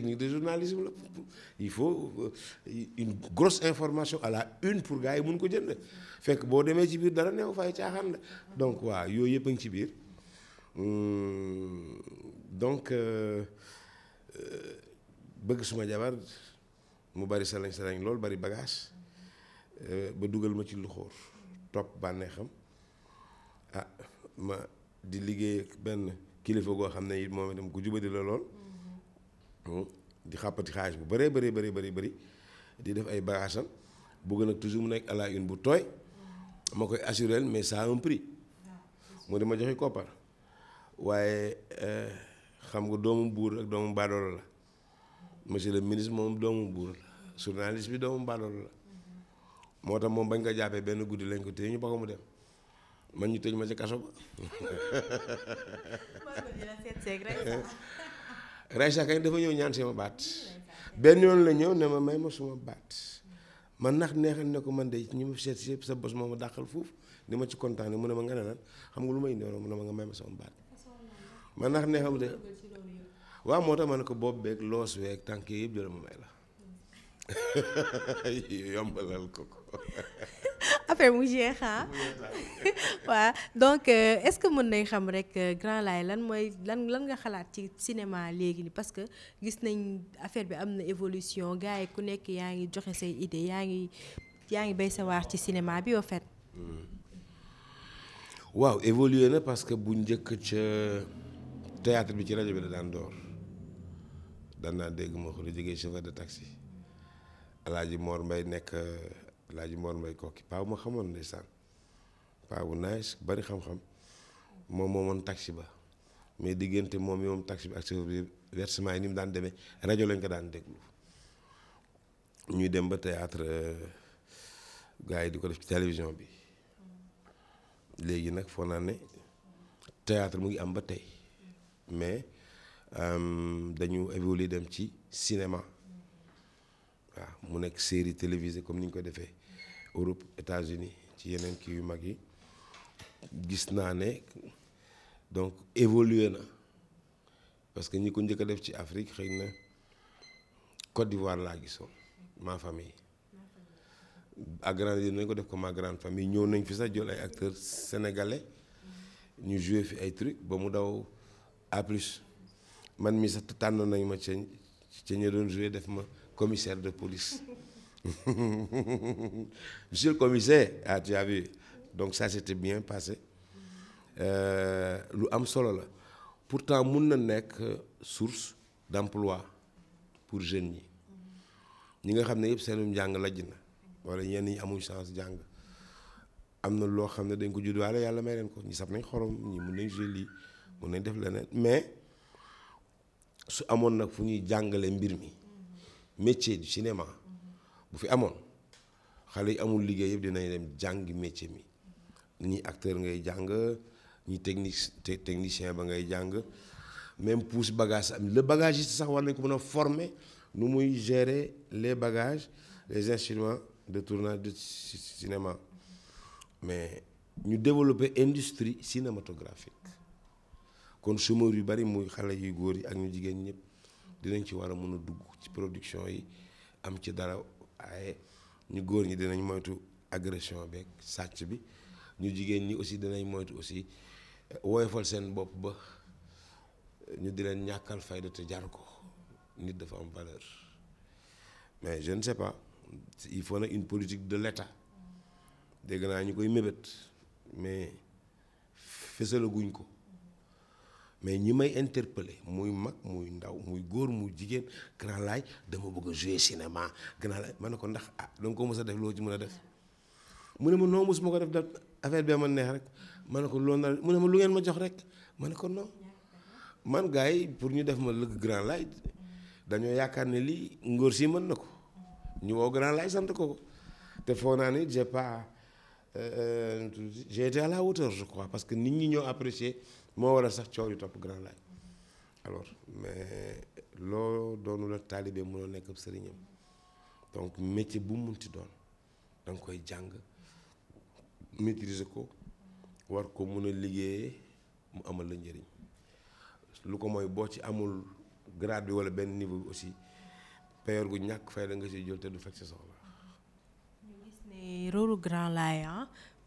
technique de journalisme la il faut euh, une grosse information à la une pour gars yi mun ko jënd fekk boo demee ci biir dara neew fay caaxaan la donc waa yooyu yëpp a ci biir euh, donc euh, bëgg suma jabar mu bari salañ salañ lool bari bagage ba dugal ma ci lu xóor topp bànneexam ah ma di liggéey benn kilifa goo xam ne it moom itam ku jubadi la lool di xàppati xaalis bu bëree bëri bëri bëri bëri di def ay bagaasam bëgg nag toujours mu nekk à la une bu tooy ma koy assuré mais ça a un prix mu di ma joxe koppar waaye eh, xam nga doomu buur ak doomu baadoolo la monsieur le ministre moom doomu buur la journaliste bi doomu baadoolo la moo tax moom bañ nga jàppee benn guddi lañ ko téye ñu ba ko mu dem man ñu tëj ma ci kaso ba. Raysa kay dafa ñëw ñaan sama baat benn yoon la ñëw ne ma may ma suma baat man nax neexal ne ko man de ñu ma seet si yëpp sa bos moom ma dàqal foofu di ma ci kontaane mu ne ma nga ne lan xam nga lu ma indi woon mu ma nga may ma sama baat man nax neexal de waaw moo tax ma ne ko bopp beeg loos weeg tànk yëpp jël ma may la yombalal ko ko affaire mu jeex ah. donc euh, est ce que mën nañ xam rek euh, Grand Laye lan mooy lan lan nga xalaat ci cinéma léegi nii parce que gis nañ affaire bi am na évolution gars yi ku nekk yaa ngi joxe say idée yaa ngi yaa ngi bay sa waar ci cinéma bi au fait. Hmm. waaw évolué na parce que bu njëkk ca théâtre bi ci rajo bi da daan door daan dégg ma ko lu jógee de taxi El Hadj Mor nekk. Alaaji Mor Mbay Kokki paa ma xamoon ndeysaan paa bu nice bari xam-xam moom moomoon taxi ba mais diggante moom yi moom taxi bi ak chauffeur bi versement yi ni mu daan demee rajo lañ ko daan déglu ñuy dem ba théâtre euh, gars yi di ko def ci télévision bi léegi nag foo naa ne théâtre mu ngi am ba tey mais euh, dañu évoluer dem ci cinéma waaw mu nekk série télévisée comme ni ñu ko defee Europe États-Unis ci yeneen kii yu mag yi gis naa ne donc évolué na parce que ñi ko njëkk a def ci Afrique xëy na Côte d'Ivoire laa gisoon ma famille agrandi nañ ko def ko ma grande famille ñëw nañ fi sax jël ay acteurs sénégalais ñu joué fi ay trucs ba mu daw à plus man mi sax tànn nañ ma ca ca ña doon joué def ma commissaire de police Monsieur le commissaire ah tu donc vu donc ça s'était bien passé euh, lu am solo la pourtant mun na nekk source d'emploi pour jeunes yi ñi nga xam ne yëpp seenu njàng lajj na wala ñenn ñi amuñ chance jàng am na loo xam ne dañ ko judduwaale yàlla may leen ko ñi saf nañ xorom ñi mun nañ jël yi mun nañ def leneen mais su amoon nag fu ñuy jàngale mbir mi métier du cinéma bu fi amoon xale yi amul liggéey yëpp dinañ dem jàngi métier mi ñi acteur ngay jàng ñi technique technicien ba ngay jàng même pousse bagage am le bagagiste sax war nañ ko mën a former nu muy gérer les bagages les instruments de tournage de cinéma mais ñu développer industrie cinématographique kon chômeur yu bari muy xale yuy góor yi ak ñu jigéen ñëpp dinañ ci war a mën a dugg ci production yi am ci dara waaye ñu góor ñi dinañ moytu agression beeg sàcc bi ñu jigéen ñi aussi dinañ moytu aussi eh, woyofal seen bopp ba ñu di leen ñàkkal fayda te jar ko nit dafa am valeur mais je ne sais pas il faut nag une politique de l'État dégg naa ñu koy mébét mais fësalaguñ ko mais ñi may interpellé muy mag muy ndaw muy góor muy jigéen Grand Laye dama bëgg a jouer Grand Laye ma ne ko ndax ah danga ko mës a def loo ci a def mu ne ma non mosuma ko def da affaire bi ma neex rek ma ne ko loolu na mu ne ma lu ngeen ma jox rek ma ne ko non man gars yi pour ñu def ma lëgg Grand Laye dañoo yaakaar ne lii ngóor si mën na ko ñu woo Grand Laye sant ko te foo naa ne j'ai pas euh, euh, j'ai été à la hauteur je crois parce que nit moo waral sax coow yu topp Grand Laye alors mais loo doonul ak taalibe mënoo nekk ab sëriñam donc métier bu munti doon danga koy jàng maîtriser ko war ko mun a liggéeyee mu amal la njëriñ lu ko mooy boo ci amul grade bi wala benn niveau bi aussi payoor gu ñàkk fay da nga siy jël te du fekk si soxla.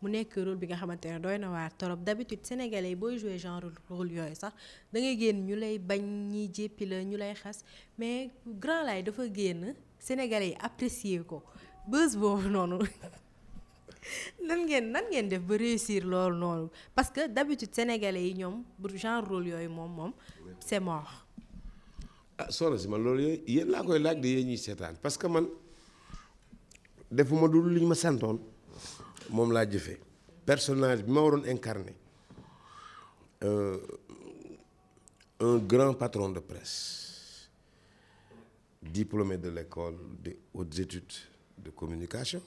mu nekk rôle bi nga xamante ne dooy na waar torop d'habitude sénégalais booy jouer genre rôle yooyu sax dangay ngay génn ñu lay bañ ñi jéppi la ñu lay xas mais Grand Laye dafa génn sénégalais yi apprécier ko bés boobu noonu lan ngeen nan ngeen def ba réussir loolu noonu parce que d'habitude sénégalais yi ñoom genre rôle yooyu moom moom c'est mort. ah soxna si man loolu yooyu yéen laa koy laaj de yéen ñuy seetaan parce que man defuma du li ñu ma santoon. moom laa jëfe personnage bi ma waroon incarné euh, un grand patron de presse diplômé de l'école des hautes études de communication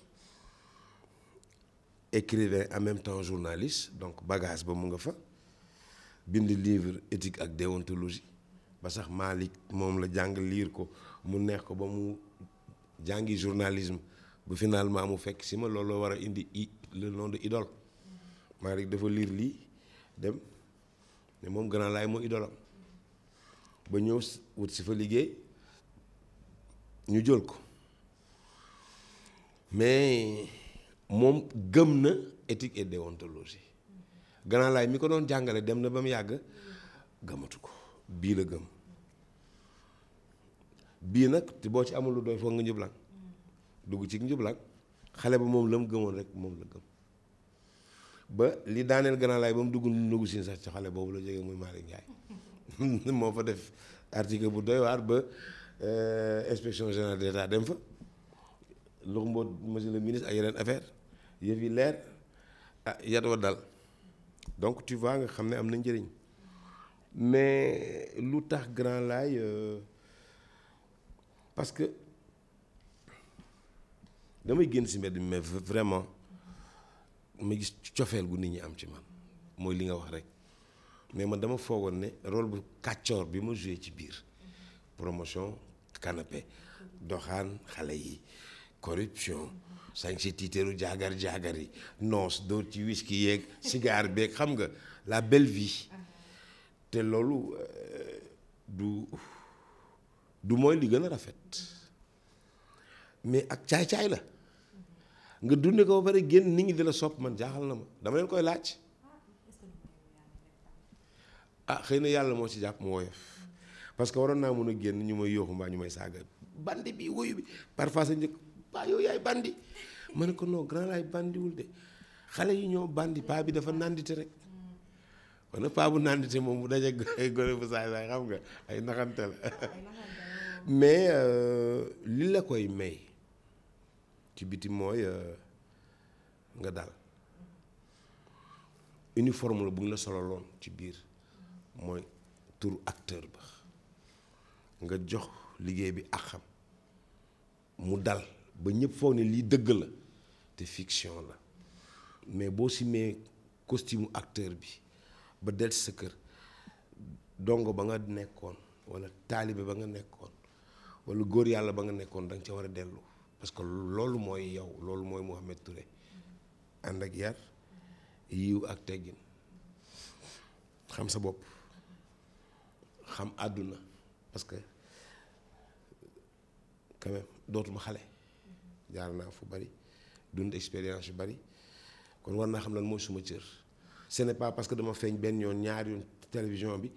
écrivain en même temps journaliste donc bagage ba mu nga fa bind livre éthique ak déontologie ba sax Malick moom la jàng liir ko mu neex ko ba mu jàngi journalisme ba finalement mu fekk si ma looloo war a indi i le nom dafa liir lii dem ne moom Grand Laye moo idolam ba ñëw wut si fa liggéey ñu jël ko mais moom gëm na éthique et déontologie Grand Laye mi ko doon jàngale dem na ba mu yàgg gëmatu ko bii la gëm bii nag te boo ci amul lu doy foog nga njublan dugg ci njublaag xale ba moom la mu gëmoon rek moom la gëm ba li daaneel Grand Laye ba mu dugg nugu sin sax ci xale boobu la jógee muy Malick Ndiaye moo fa def article bu doy waar ba euh, inspection générale d'État dem fa loxo mboot monsieur le ministre ak yeneen affaire yëf yi leer ah yat wa dal donc tu vois nga xam ne am na njëriñ mais lu tax Grand Laye euh, parce damay génn si mbedd mi mais vraiment ma gis cofeel gu nit ñi am ci man mooy li nga wax rek mais ma dama foogoon ne role bu kàccoor bi ma joué ci biir promotion canapé doxaan xale yi corruption sañse tiiteeru jaagar jaagar yi noos dóor ci whisky yeeg cigare beeg xam nga la belle vie te loolu euh, du du mooy li gën a rafet mais ak caay-caay la nga dunde ko ba pare génn nit ñi di la sopp man jaaxal na ma dama leen koy laaj ah xëy na yàlla moo ci jàpp mu woyof parce que waroon naa mën a génn ñu may yooxu mbaa ñu may saaga bandi bi woyu bi parfois sa njëkk paa yow yaay bandi ma ko non grand laay bandiwul de xale yi ñoo bandi paa bi dafa nandite rek wana paa bu nandite moom bu daje ay gone bu saay saay xam nga ay naxante la mais euh, li la koy may ci biti mooy euh, nga dal uniforme la bu ñu la sololoon ci biir mooy tur acteur ba nga jox liggéey bi ak xam mu dal ba ñëpp foog ne lii dëgg la te fiction la mais boo simee costume acteur bi ba del sa kër dongo ba nga nekkoon walla taalibe ba nga nekkoon walla góor yàlla ba nga nekkoon danga ca war a dellu parce que loolu mooy yow loolu mooy Mouhamed Touré ànd ak yar yiw ak teggin xam sa bopp xam àdduna parce que quand dootuma xale jaar naa fu bari dund expérience yu bari kon war naa xam lan mooy suma cër ce ne pas parce que dama feeñ benn yoon ñaar yoon télévision bi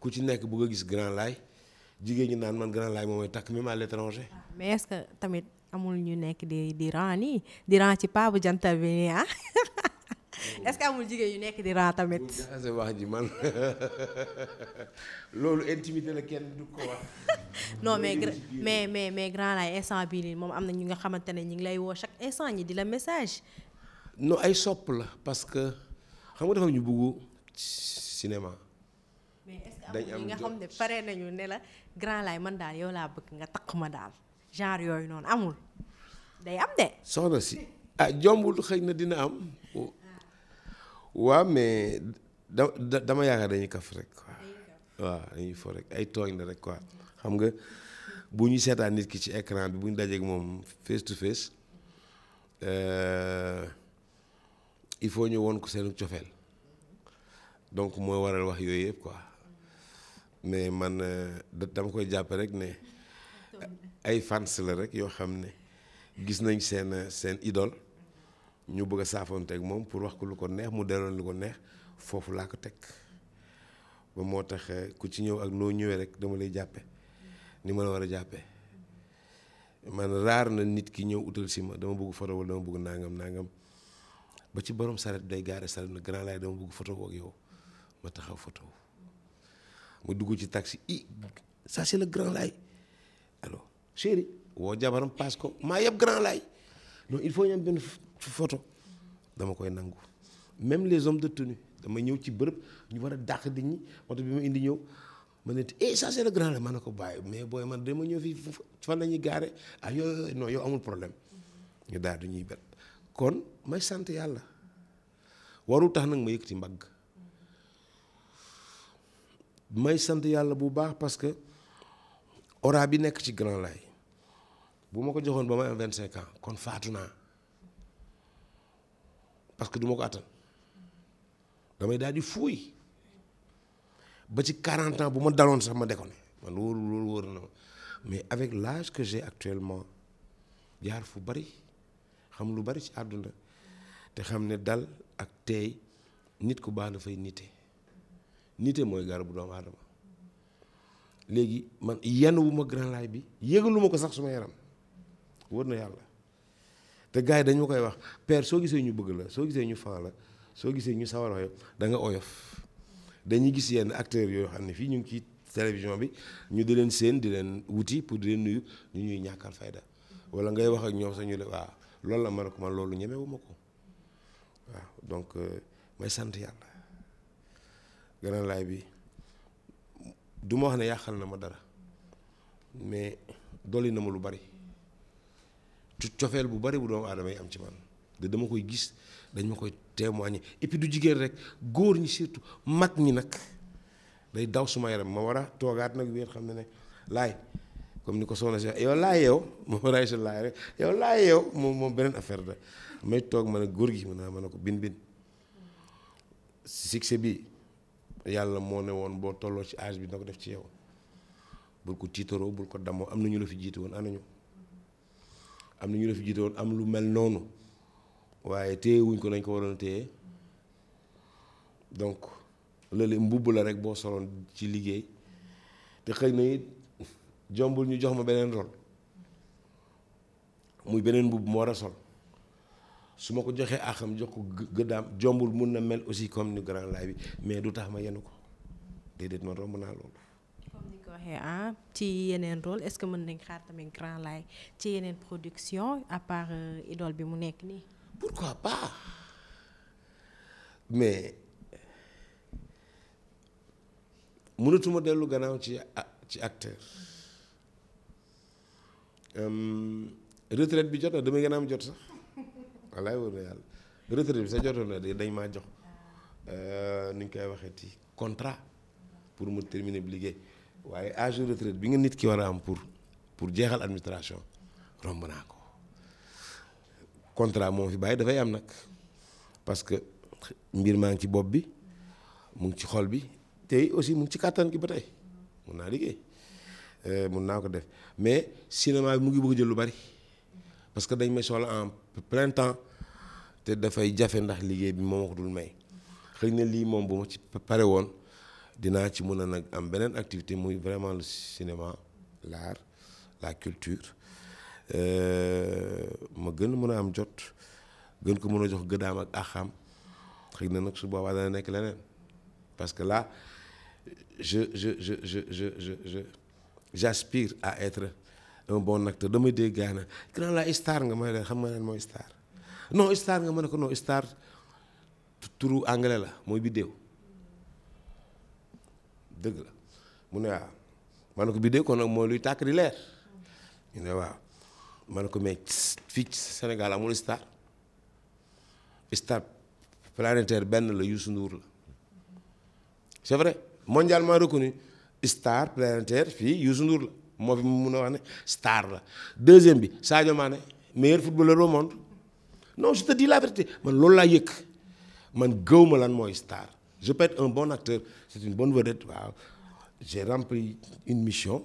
ku ci nekk bëgg a gis Grand Laye jigéen ñi naan man Grand Laye moom mooy takk même à l'étranger ah, tamit amul ñu nekk di di ran nii di ran ci paabu jantal bi nii ah est amul jigéen yu nekk di ran tamit. loolu intimité mais mais mais mais grand laay instant bii nii moom am na ñu nga xamante ne ñu ngi lay woo chaque instant ñi di la message. non ay sopp la parce que xam nga dafa ñu bëgg cinéma. mais est-ce que nga xam ne pare nañu ne grand laay man daal yow laa bëgg nga takk ma daal. genre yooyu noonu amul day am de. soxna si ah jombul xëy na dina am. waaw mais da dama yaakaar dañuy kaf rek quoi dañuy fo ay tooñ la rek quoi xam nga bu ñu seetaan nit ki ci écran bi bu ñu dajeeg moom face to face euh, il faut ñu woon ko seenu cofeel donc mooy waral wax yooyu yëpp ko mais man euh, dama koy jàpp rek ne. ay fans la rek yoo xam ne gis nañ seen seen idol ñu bëgg a teg moom pour wax ko lu ko neex mu delloon lu ko neex foofu laa ko teg ba moo tax eh, ku ci ñëw ak noo ñëwee rek dama lay jàppe ni ma la war a jàppee man raar na nit ki ñëw utal si ma dama bëgg photo wala dama bëgg nangam nangam ba ci borom saret day gaare saret na grand laay dama bëgg photo ak yow ma taxaw photo mu dugg ci taxi i ça c'est le grand laay allo chéri woo jabaram paas ko maa yëpp grand laay non il faut ñu benn photo dama koy nangu même les hommes de tenue dama ñëw ci bërëb ñu war a dàq nit ñi oto bi ma indi ñëw ma ne eh ça c'est le grand la ma ne ko bàyyi mais booy man dama ñëw fii fan la ñuy gaare ah yooyu non amul problème ñu daal du ñuy bet kon may sant yàlla warul tax nag ma yëkkati mbagg may sant yàlla bu baax parce oraa bi nekk ci Grand Laye bu ma ko joxoon ba ma am vingt cinq ans kon faatu naa parce que duma ko attan damay daal di fuuy ba ci quarante ans bu ma daloon sax ma déconné man wóoru loolu wóor na ma mais avec l'âge que j'ai actuellement jaar fu bari xam lu bari ci àdduna te xam ne dal ak teey nit ku baax dafay nite nite mooy bu doomu aadama léegi man yenn wu ma grand laay bi yëgalu ma ko sax suma yaram wër na yàlla te gars yi dañ ma koy wax per soo gisee ñu bëgg la soo gisee ñu fan la soo gisee ñu sawar a da nga oyof dañuy gis yenn acteurs yoo xam ne fii ñu ngi ci télévision bi ñu di leen seen di leen wuti pour di leen nuyu ñu ñuy ñàkkal fayda wala ngay wax ak ñoom sax ñu ne waaw loolu la ma ne ko man loolu ñemewu ma ko waaw donc euh, may sant yàlla grand laay bi. du ma wax ne yàqal na ma dara mais dolli na ma lu bari cofeel bu bari bu doomu aadama yi am ci man de dama koy gis dañ ma koy témoigner et puis du jigéen rek góor ñi surtout mag ñi nag day daw suma yaram ma war a toogaat nag wéer xam ne ne laay comme ni ko soxna si yow laay yow moom raay si laay yow moom moom beneen affaire da may toog ma ne góor gi mën naa mën a ko bin bin succès bi yàlla moo ne woon boo tolloo ci âge bi na ko def ci yow bul ko tiitaroo bul ko damoo am na ñu la fi jiit woon anañu am na ñu la fi jiite woon am lu mel noonu waaye téye ko nañ ko waroon téye donc loolu mbubb la rek boo soloon ci liggéey te xëy na it jombul ñu jox ma beneen rôle muy beneen mbubb moo war a sol su ma ko joxee axam jox ko gëddaam jombul mun na mel aussi comme ni grand laay bi mais du tax ma yenu ko déedéet ma romb naa loolu. comme ni ko waxee ah ci yeneen rôle est-ce que mën nañ xaar tamit grand laay ci yeneen production à part euh, idole bi mu nekk nii. pourquoi pas mais mënatuma dellu gannaaw ci ci acteur mm-hmm. retraite bi jot na damay gën a am jot sax. walaay wër na yàlla retraite bi sa jotoon na dañ maa jox euh, nu ñu koy waxee ti contrat pour mu terminer bi liggéey waaye âge de bi nga nit ki war a am pour pour jeexal administration romb naa ko contrat moo fi bàyyi dafay am nag parce que mbir maa ngi ci bopp bi mu ngi ci xol bi tey aussi mu ngi ci kàttan ki ba tey mun naa liggéey euh, mun naa ko def mais cinéma bi mu ngi bëgg jël lu bari parce que dañ may soxla en plein temps te dafay jafe ndax liggéey bi moom wax dul may xëy na lii moom bu ma ci pare woon dinaa ci mën a nag am beneen activité muy vraiment le cinéma l'art la culture euh, ma gën mun a am jot gën ko mën a jox gëdaam ak axam xëy na nag su boobaa dana nekk leneen parce que là je je je je je je je à être un bon acteur damay dégg gaana grand la star nga may leen xam nga leen mooy star non star nga mën ne ko non star turu anglais la mooy biddéew dëgg la mu ne waaw ma ne ko biddéew kon nag mooy luy tàkk di leer ñu ne waaw ma ne ko mais fii ci Sénégal amul star star planétaire benn la Youssou Ndour la c'est vrai mondialement reconnu star planétaire fii Youssou Ndour la moo fi mu mun a wax ne star la deuxième bi Sadio Mané meilleur footballeur au monde non je te dis la vérité man loolu laa yëg man gëw ma lan mooy star je peux être un bon acteur c'est une bonne vedette waaw j'ai rempli un mission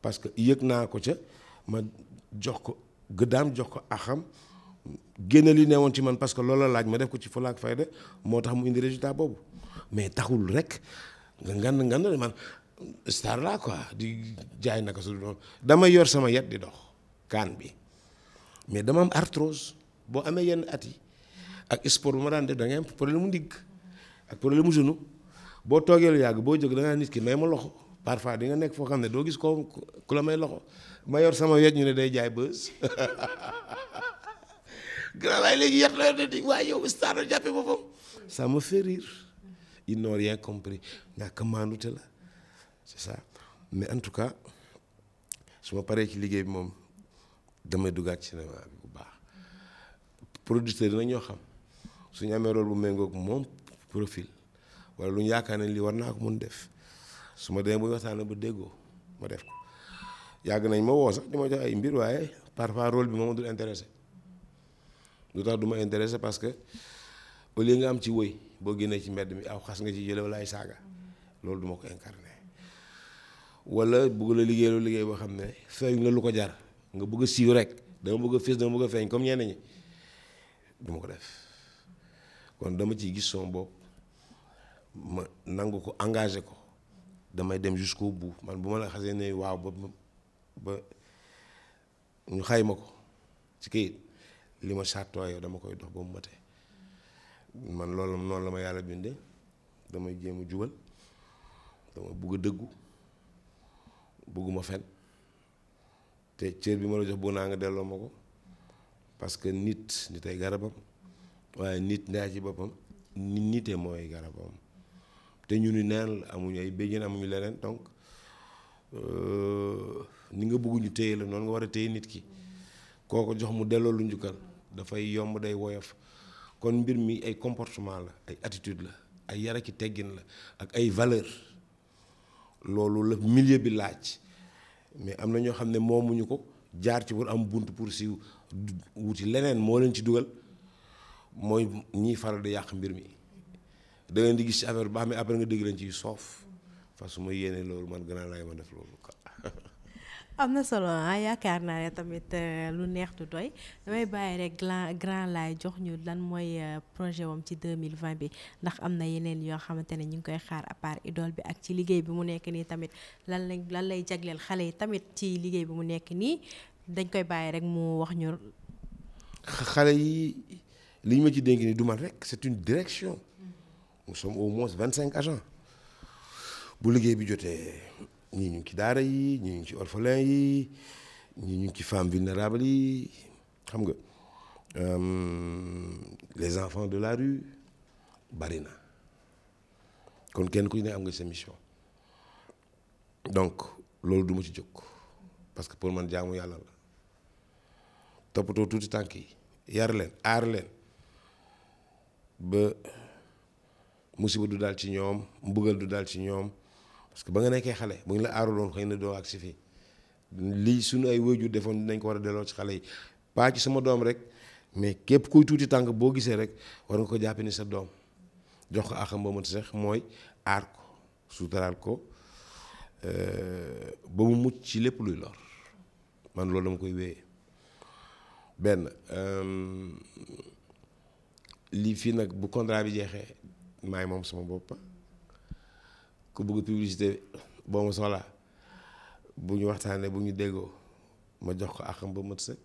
parce que yëg naa ko ca ma jox ko gëddaam jox ko axam génne li ne ci man parce que loolu la laaj ma def ko ci fulla ak fayda moo tax mu indi résultat boobu mais taxul rek nga ngand ngand man star laa quoi di jaay naka su doon damay yor sama yet di dox kaan bi mais dama am arthrose boo amee yenn at yi ak sport bu ma daan def da ngay am problème mu ndigg ak problème mu genou boo toogee lu yàgg boo jóg da nit ki may ma loxo parfois di nga nekk foo xam ne doo gis ko ku la may loxo ma yor sama wet ñu ne day jaay bës grand laay léegi yat la yor di waaye yow star la jàppe boppam ça me fait rire rien compris ñàkk maandute la c'est ça mais en tout cas su ma paree ci liggéey bi moom damay duggaat cinéma bi producteurs yi nag ñoo xam suñu amee rôle bu méngoog moom profil wala lu ñu yaakaar ne lii war naa ko mun def su ma demee bu ñu waxtaanee ba déggoo ma def ko yàgg nañ ma woo sax di ma jox ay mbir waaye parfois rôle bi moom dul intéressé lu tax du ma intéressé parce que au nga am ci woy boo génnee ci mbedd mi aw xas nga ci jële wala ay saaga loolu duma ma ko incarné wala bëgg la liggéey loolu liggéey boo xam ne feeñ la lu ko jar nga bëgg a siiw rek dama bëgg a fés comme ñenn ñi. duma ko def kon dama ci gis sama bopp ma nangu ko engage ko damay dem jusqu'au bout man bu ma la xasee ne waaw ba ba ñu xayma ko ci kayit li ma sartooyoo dama koy dox ba mu matee man loolu noonu la ma yàlla bindee damay jéem a jubal dama bugg dëggu bugguma fen te cër bi ma la jox bëgg naa nga delloo ma ko parce que nit ay garabam waaye nit ndaa ci boppam nit nite mooy garabam te ñu ni neen la amuñu ay béjjén amuñu leneen donc euh, ni nga bëgg ñu téye la noonu nga war a téye nit ki kooko jox mu delloo lu njukkal dafay yomb day woyof kon mbir mi ay comportement la ay attitude la ay yara ki teggin la ak ay valeur loolu la milieu bi laaj mais am na ñoo xam ne moomuñu ko jaar ci pour am bunt pour si wuti leneen moo leen ci dugal mooy ñiy faral di yàq mbir mi da di gis ci affaire bu baax après nga dégg leen ci soof fa su ma yéene loolu man gën a laay ma def loolu am na solo ah yaakaar naa ne tamit euh, lu neex du doy damay bàyyi rek grand grand laay jox ñu lan mooy euh, projet wam ci mille 2020 bi ndax am na yeneen yoo xamante ne ñu ngi koy xaar à part idole bi ak ci liggéey bi mu nekk nii tamit lan lañ lan lay jagleel xale yi tamit ci liggéey bi mu nekk nii dañ koy bàyyi rek mu wax ñu. xale yi li ñu ma ci dénk nii du rek c'est une direction. nous sommes au moins vingt cinq agents bu liggéey bi jotee. ñii ñu ci daara yi ñii ñu ngi ci orphelin yi ñii ñu ngi ci femmes vulnérables yi xam nga euh, les enfants de la rue bari na kon kenn ku ne am nga sa mission donc loolu du ma ci jóg parce que pour man jaamu yàlla la toppatoo tuuti tànk yi yar leen aar leen ba musiba du daal ci ñoom mbugal du daal ci ñoom. parce ba nga nekkee xale bu ñu la aaruloon xëy na doo ak si fii lii suñu ay waajur defoon dinañ ko war a delloo ci xale yi pas ci sama doom rek mais képp kuy tuuti tànk boo gisee rek war nga ko jàpp ni sa doom jox ko axam ba mu sax mooy aar ko ko euh, ba mu mucc ci lépp luy lor man loolu dama koy wéyee benn euh, lii fii nag bu contrat bi jeexee maay moom sama bopp ku bëgg publicité boo ma soxlaa bu ñu waxtaanee bu ñu déggoo ma jox ko axam ba mat sëkk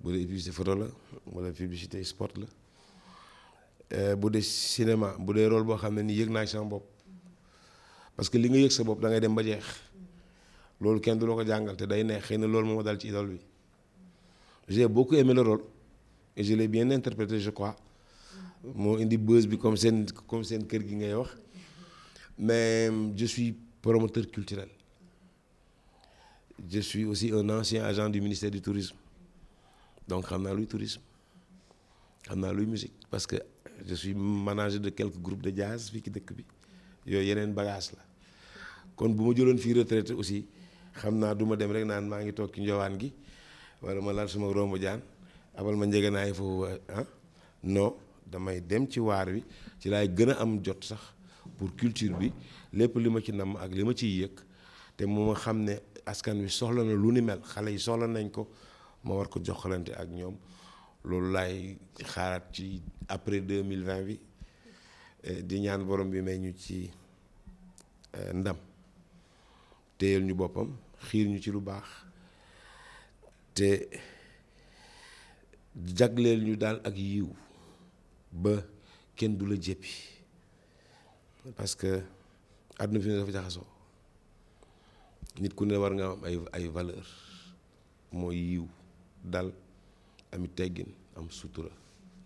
bu dee publicité photo la wala publicité sport la euh, bu dee cinéma bu dee rôle boo xam ne ni yëg naa ci sama bopp parce que li nga yëg sa bopp da ngay dem ba jeex loolu kenn du loo ko jàngal te day neex xëy na loolu moo dal ci idole bi j'ai beaucoup aimé le rôle et je l'ai bien interprété je crois moo indi buzz bi comme seen comme seen kër gi ngay wax. mais je suis promoteur culturel je aussi un ancien agent du ministère du tourisme donc xam naa luy tourisme xam naa luy musique parce que je suis manager de quelques groupes de jazz fii ki dëkk bi yooyu yeneen bagage la kon bu ma jëloon fii retraité aussi xam naa du ma dem rek naan maa ngi toog ki njowaan gi wala ma laal suma romb jaan abal ma njëganaay foofu ah non damay dem ci waar wi ci laay gën a am jot sax pour culture bi lépp li ma ci namm ak li ma ciy yëg te mu ma xam ne askan wi soxla na lu ni mel xale yi soxla nañ ko ma war ko joxalante ak ñoom loolu laay xaaraat ci après 2020 bi eh, di ñaan borom bi may ñu ci eh, ndam téyel ñu boppam xiir ñu ci lu baax te jagleel ñu daal ak yiw ba kenn du la jéppi parce que àdduna fi ne dafa jaxasoo nit ku ne war nga am ay ay valeur mooy yiw dal ami teggin am sutura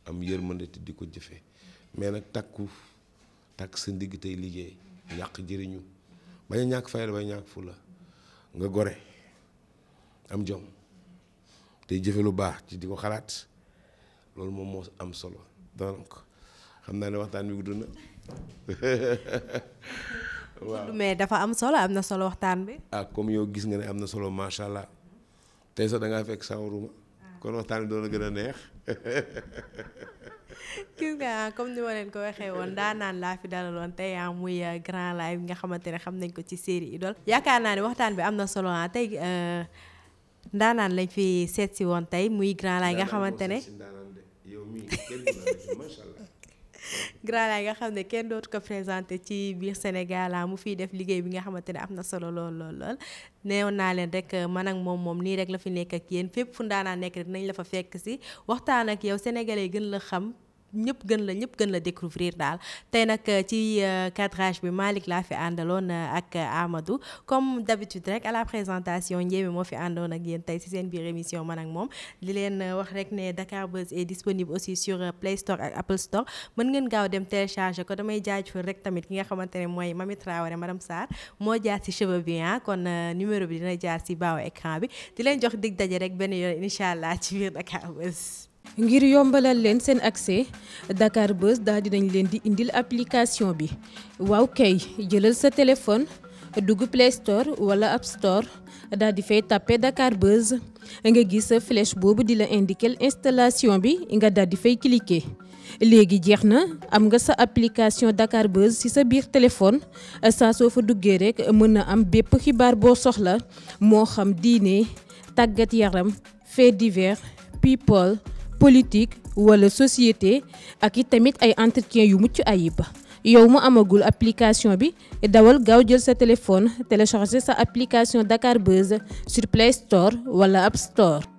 am yërmande mën di ko jëfe mais nag takku takk sa ndigg tey liggéey ñàq jëriñu bañ a ñàkk fayda bañ a ñàkk fula nga gore am jom tey jëfe lu baax ci di ko xalaat loolu moom moo am solo donc xam naa ne waxtaan bi gudd na mais dafa am solo am na solo waxtaan bi. ah comme yow gis nga ne am na solo macha allah tey sax da ngaa fekk sawaruma kon waxtaan bi doon a gën a neex. gis nga comme ni ma leen ko waxee woon daanaan laa fi dalaloon tey ah muy ah, grand live nga xamante ne xam nañ ko ci série idol yaakaar naa ne waxtaan bi am na solo ah tey euh, ndaanaan lañ fi seet si woon tey muy grand live nga xamante ne. Grand yi nga xam ne kenn dootu ko présenté ci biir Sénégal ah, mu fiy def liggéey bi nga xamante ne am na solo lool lool lool neew naa leen rek euh, man ak moom moom nii rek la fi nekk ak yéen fépp fu ndaanaa nekk rek la fa fekk si waxtaan ak yow sénégalais gën la xam ñëpp gën la ñëpp gën la découvrir daal tey nag euh, ci euh, cadrage bi Malick laa fi àndaloon euh, ak Amadou comme d'habitude rek à la présentation Ndiémé moo fi àndoon ak yéen tey si seen biir émission man ak moom di leen wax rek ne Dakar Buzz est disponible aussi sur Play Store ak Apple Store mën ngeen gaaw dem télécharger ko damay jaajëfal rek tamit ki nga xamante ne mooy Mami Traoré madame Sarr moo jaar si cheveux bi ah. kon numéro bi dina jaar si baaw écran bi di leen jox dig daje rek benn yoon incha allah ci biir Dakar Buzz ngir yombalal leen seen accès Dakar Buzz daal dinañ leen di indil application bi waaw kay jëlal sa téléphone dugg Play Store wala App Store daal di fay tapé Dakar Buzz nga gis sa flèche boobu di la indiquer installation bi nga dal di fay cliquer. léegi jeex na am nga sa application Dakar Buzz ci sa biir téléphone saa soo fa duggee rekk mën a am bépp xibaar boo soxla moo xam diine tàggat yaram fait divers people. politique wala société ak it tamit ay entretien yu mucc ayib yow mu amagul application bi dawal gaaw jël sa téléphone télécharger sa application Dakar Buzz sur Play wala App Store.